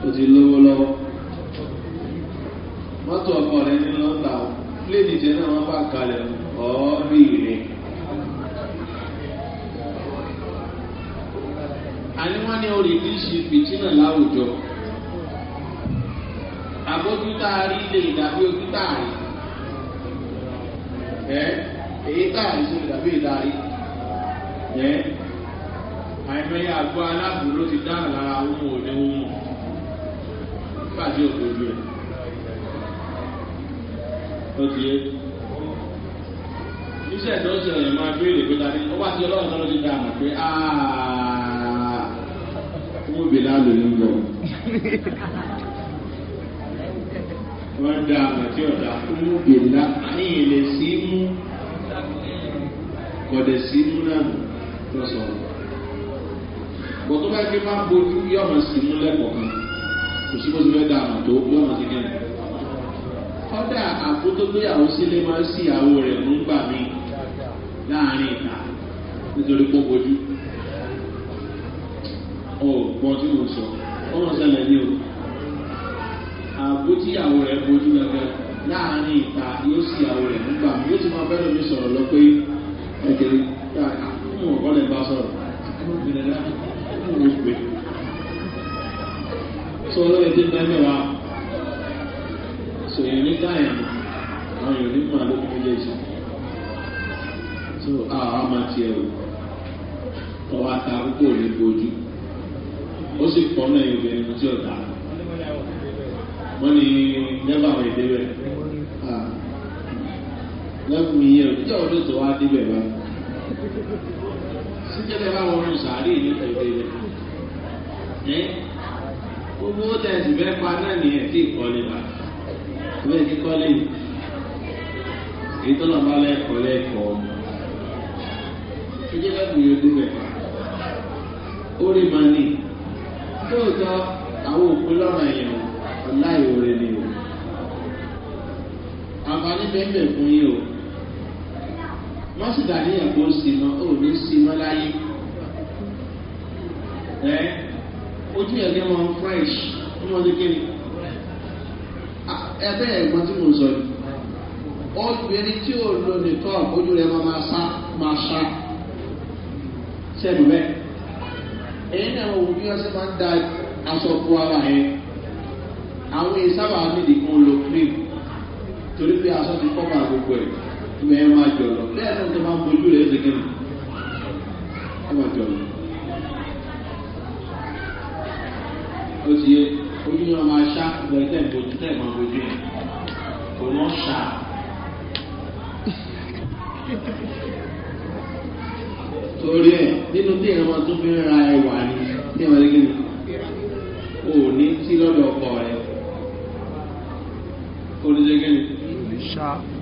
tó ti lówó lọ́wọ́ mọ́tò ọkọ rẹ̀ ní lọ́ńdà ó pléèdì jẹ́ náà àbójútà rí lè dàbí ojútà rí ẹ èyí tà rí sórí dàbí ìdarí ẹ àìmọye àgọ́ aláàbò ló ti dáhà lára ohun òní ohun pàdé òkòjú ẹ̀ ó ti yé iṣẹ́ tó ń ṣe ọ̀yàn máa béèrè pé tàbí ó bá ti ọlọ́run ti dáhà pé áà wọ́n bèèrè lálẹ́ nígbà wọ́n da àgbàtí ọ̀dà fún ìlà àyìn lè sí mú kọ̀dẹ̀ sí mú náà lọ sọ̀rọ̀. bọ̀ tó bá gbé máa ń bojú yọ̀mọ̀ sí mú lẹ́kọ̀ọ́ kan kò sí bó ti fẹ́ da àmọ̀ tó yọ̀mọ̀ sí kẹ́rin. kọ́dà àbótógbéyàwó sílé máa ń sí ìyàwó rẹ̀ ń gbà mí láàrin ìta nítorí pé bojú. ọ̀ gbọ́n tí mo sọ ọmọ sẹlẹ̀ ní o ààbò rẹ̀ bojú gẹ́gẹ́ láàrin ìta yóò sì ìyàwó rẹ̀ nígbà yóò ti máa bẹ́ẹ̀ lómi sọ̀rọ̀ lọ pé ẹ̀jẹ̀ àkúnmù ọ̀kọ́ lẹ̀ bá sọ̀rọ̀ àkúnmù ìbílẹ̀ náà àkúnmù òṣùpẹ̀. sọ ọlọ́run ti ń dá mẹ́wàá sòyìn ní káyà àwọn èèyàn ní màá lóbi méjèèjì tó àwọn máa ti ẹ̀rù ọwọ́ ata púpọ̀ ní bojú ó sì pọ̀ náà wọ́n ní nẹ́bà àwọn èdè lẹ́kùn yìí ẹ̀ níjọ́ ọdún tó wá débẹ̀ bá síjẹ́lẹ̀ báwọn ọdún sàárì ní èdè rẹ̀ gbogbo ó tẹ̀sí fẹ́ pa náà ní tí ìkọ́lé bá bẹ́ẹ̀ ní kọ́lé èyí tó lọ bá lẹ́kọ̀ọ́ lẹ́kọ̀ọ́ síjẹ́ lẹ́kùn yìí ó débẹ̀ ó rí mani lóòótọ́ àwọn òkú lọ́rọ̀ èèyàn láì orin ni o àǹfààní bẹ́ẹ̀ fún yín o wọ́n sì dàníyàn kó sí mọ́ ó ní sí mọ́ láyé ẹ ojú ẹ̀ ní wọn fresh ní wọn ní kéde ẹgbẹ́ ẹ̀gbọ́n tí mo sọ yìí obìnrin tí ò lo nìkan ojú rẹ̀ máa sá máa sá sẹ́nu bẹ́ẹ̀ èyí náà òun bí wọ́n ṣe máa ń da aṣọ fún ara yẹn àwọn ìsábà nídìí kan lo cream torí pé aṣọ ti kọ́ bá gbogbo ẹ̀ ìwẹ̀ ẹ̀ máa jọ lọ lẹ́yìn tó máa ń bojú rẹ̀ ṣe kí ni ẹ̀ máa jọ lọ. ó ti yé ojú ni wọ́n máa ṣá ìbẹ̀rẹ̀ tẹ̀ bojú tẹ̀ máa bojú yẹn kò mọ́ ṣá. torí ẹ nínú tí ìrànwọ́ tó fi ń ra ẹwà ni tí wọ́n lé kí ni o ní sí lọ́dọ̀ ọkọ rẹ̀ oníṣẹ́gẹ́ ni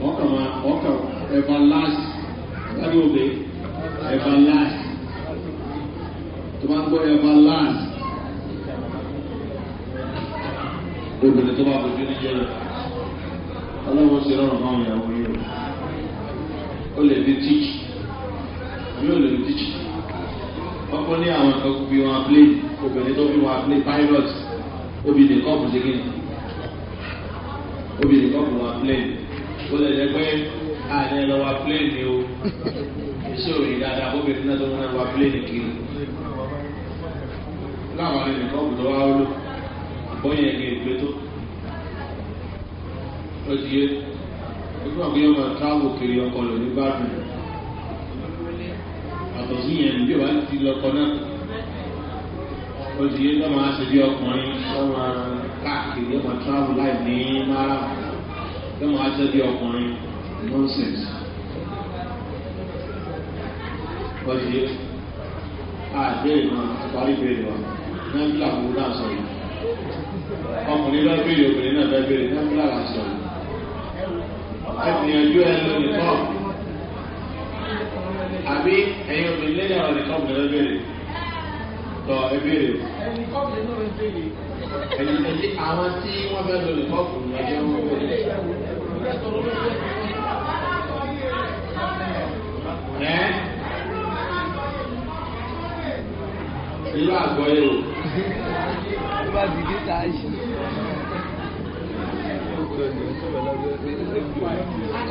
ọkàn máa ọkàn ẹ̀fà láàsì lábẹ́ òde ẹ̀fà láàsì tó bá ń gbọ́ ẹ̀fà láàsì obìnrin tó bá bójú ní jẹ́ ọlọ́wọ́ sí rọrùn fáwọn ìyàwó yìí ó lè fi tíjì yóò lè fi tíjì wọ́n kọ́ ní àwọn ẹ̀kọ́ bí wọn plé obìnrin tó bí wọn plé pilot obìnrin kọ́ọ̀bù sí kí ni obìnrin kan kò wá plane ó lè jẹ pé àná lọ wá plane ni o iṣẹ́ òyìn dáadáa obìnrin náà tó ń wá plane kiri láwọn ẹni kan kò tó ó lò àbọ̀yìn ẹ̀gẹ́ ìgbé tó ó ti yé nígbà pé ọmọ travel kiri ọkọ lò ní báàdùn àtọ̀sí yẹn bí wàá ti lọkọ náà ó ti yé lọ́mọ aṣojú ọkùnrin lọ́mọ ara káàkiri yóò máa travel láì ní mara yóò máa jẹ́ bí ọkùnrin nonsense. Bọ́sì àdé ìmọ̀ àparí bèrè wa náà bí làwọn náà sọ yìí. Ọkùnrin bá bèrè obìnrin náà bá bèrè náà bí làwọn sọ yìí. Ẹ̀gbìyànjú ẹ lọ nìkan. Àbí ẹ̀yin obìnrin lẹ́yìn àwọn nìkan obìnrin bèrè. Tọ́ ẹ bèrè. Ẹnìkan obìnrin náà bèrè àwọn tí wọ́n fẹ́ lò lè mọ́ kù ní ẹjọ́ wọn wọlé. Ìlú àgbọ̀ yìí o. Ó bá dìde tá a ṣe.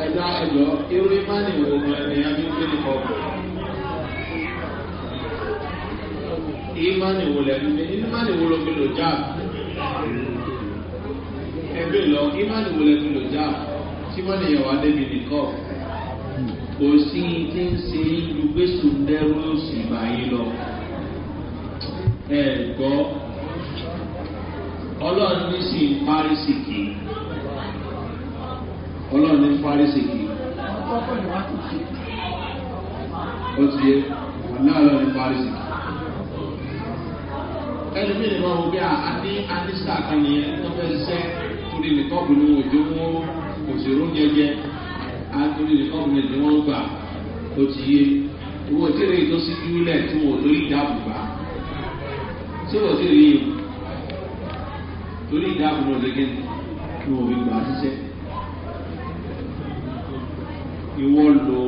Ẹ̀dá ẹ̀jọ̀ irú ìmánì wo ni ẹni a fi ń gbélé kọ̀ọ̀kọ̀? Ìmánì wo lẹ́nu ní ìmánì wo ló fi gbé lọ ìmánì wọlé fi lò já tí wọ́n lè yẹ wá débi nìkan kò sí tí ń ṣe ìlúgbésùn dẹ́rù òsì báyìí lọ ẹ gbọ́ ọlọ́run ní sí párísìkì ọlọ́run ní párísìkì ó ti yẹ ọlọ́run ní párísìkì ẹlòmíràn máa ń gbé àdé àdé sáà kan nìyẹn tó fẹ́ sẹ́ torí lè kọ́ọ̀bù ni wọn ò jó wọn kò sí oúnjẹ jẹ á torí lè kọ́ọ̀bù ni wọn gbà ó ti yé owó ìtẹ̀lé yìí tó sí júlẹ̀ tí wọn ò lórí ìdáàbòbá tí wọn ò sì rí yìí lórí ìdáàbòbá lẹ́gẹ́ ni wọn fi gbà ṣiṣẹ́ ìwọ lo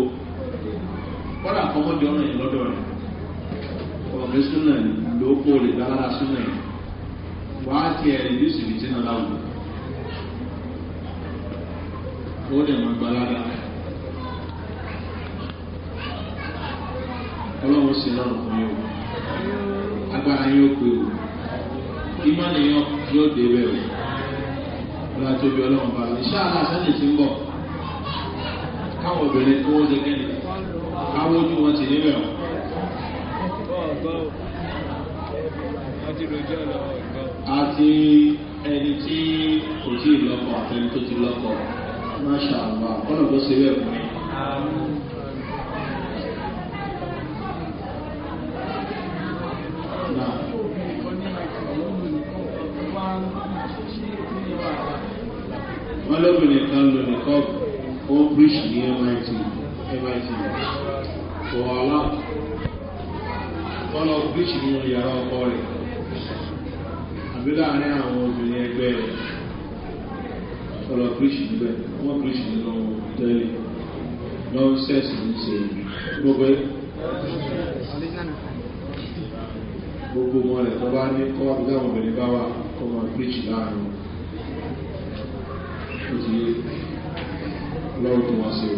kọ́dà kọ́mọ́dé ọ̀nà yìí lọ́dọ̀ rẹ̀ ọ̀rẹ́ súnà ló kó lè dára súnà yìí wàá tiẹ̀ ní sùn ní tí náà ó lè máa gbalára ọlọ́run sì náà kún yóò agbára yóò pé o ìmọ̀lẹ̀ yóò dé bẹ́ẹ̀ o ọlá tó bí ọlọ́run bá ní sáà sẹ́ni ti ń bọ̀ káwọn obìnrin tó wọ́n ṣe kẹ́ni káwọn ojú wọn ti níbẹ̀ o. àti ẹni tí kò tí ì lọ́kọ̀ àtẹni tó ti lọ́kọ̀. Masha Allah, ọ̀nà tó ṣe bẹ́ẹ̀ fún Wọ́n lóbìnrin kan lò ní kọ́ọ̀pù, ó bíríṣì ní MIT, MIT, kò ọlá. Wọ́n lọ bíríṣì nínú yàrá ọkọ rẹ̀, àbí láàárín àwọn obìnrin ẹgbẹ́ rẹ̀. ọ̀rọ̀ kìrìṣì níbẹ̀ wọ́n kìrìṣì nínú tẹ́lẹ̀ nọ́nsẹ́sì ní ṣe gbogbo gbogbo wọn rẹ̀ tọ́bá ní kọ́wà bí káwọn obìnrin bá wà kọ́wà kìrìṣì láàrin ó ti lọ́wọ́ tó wá sí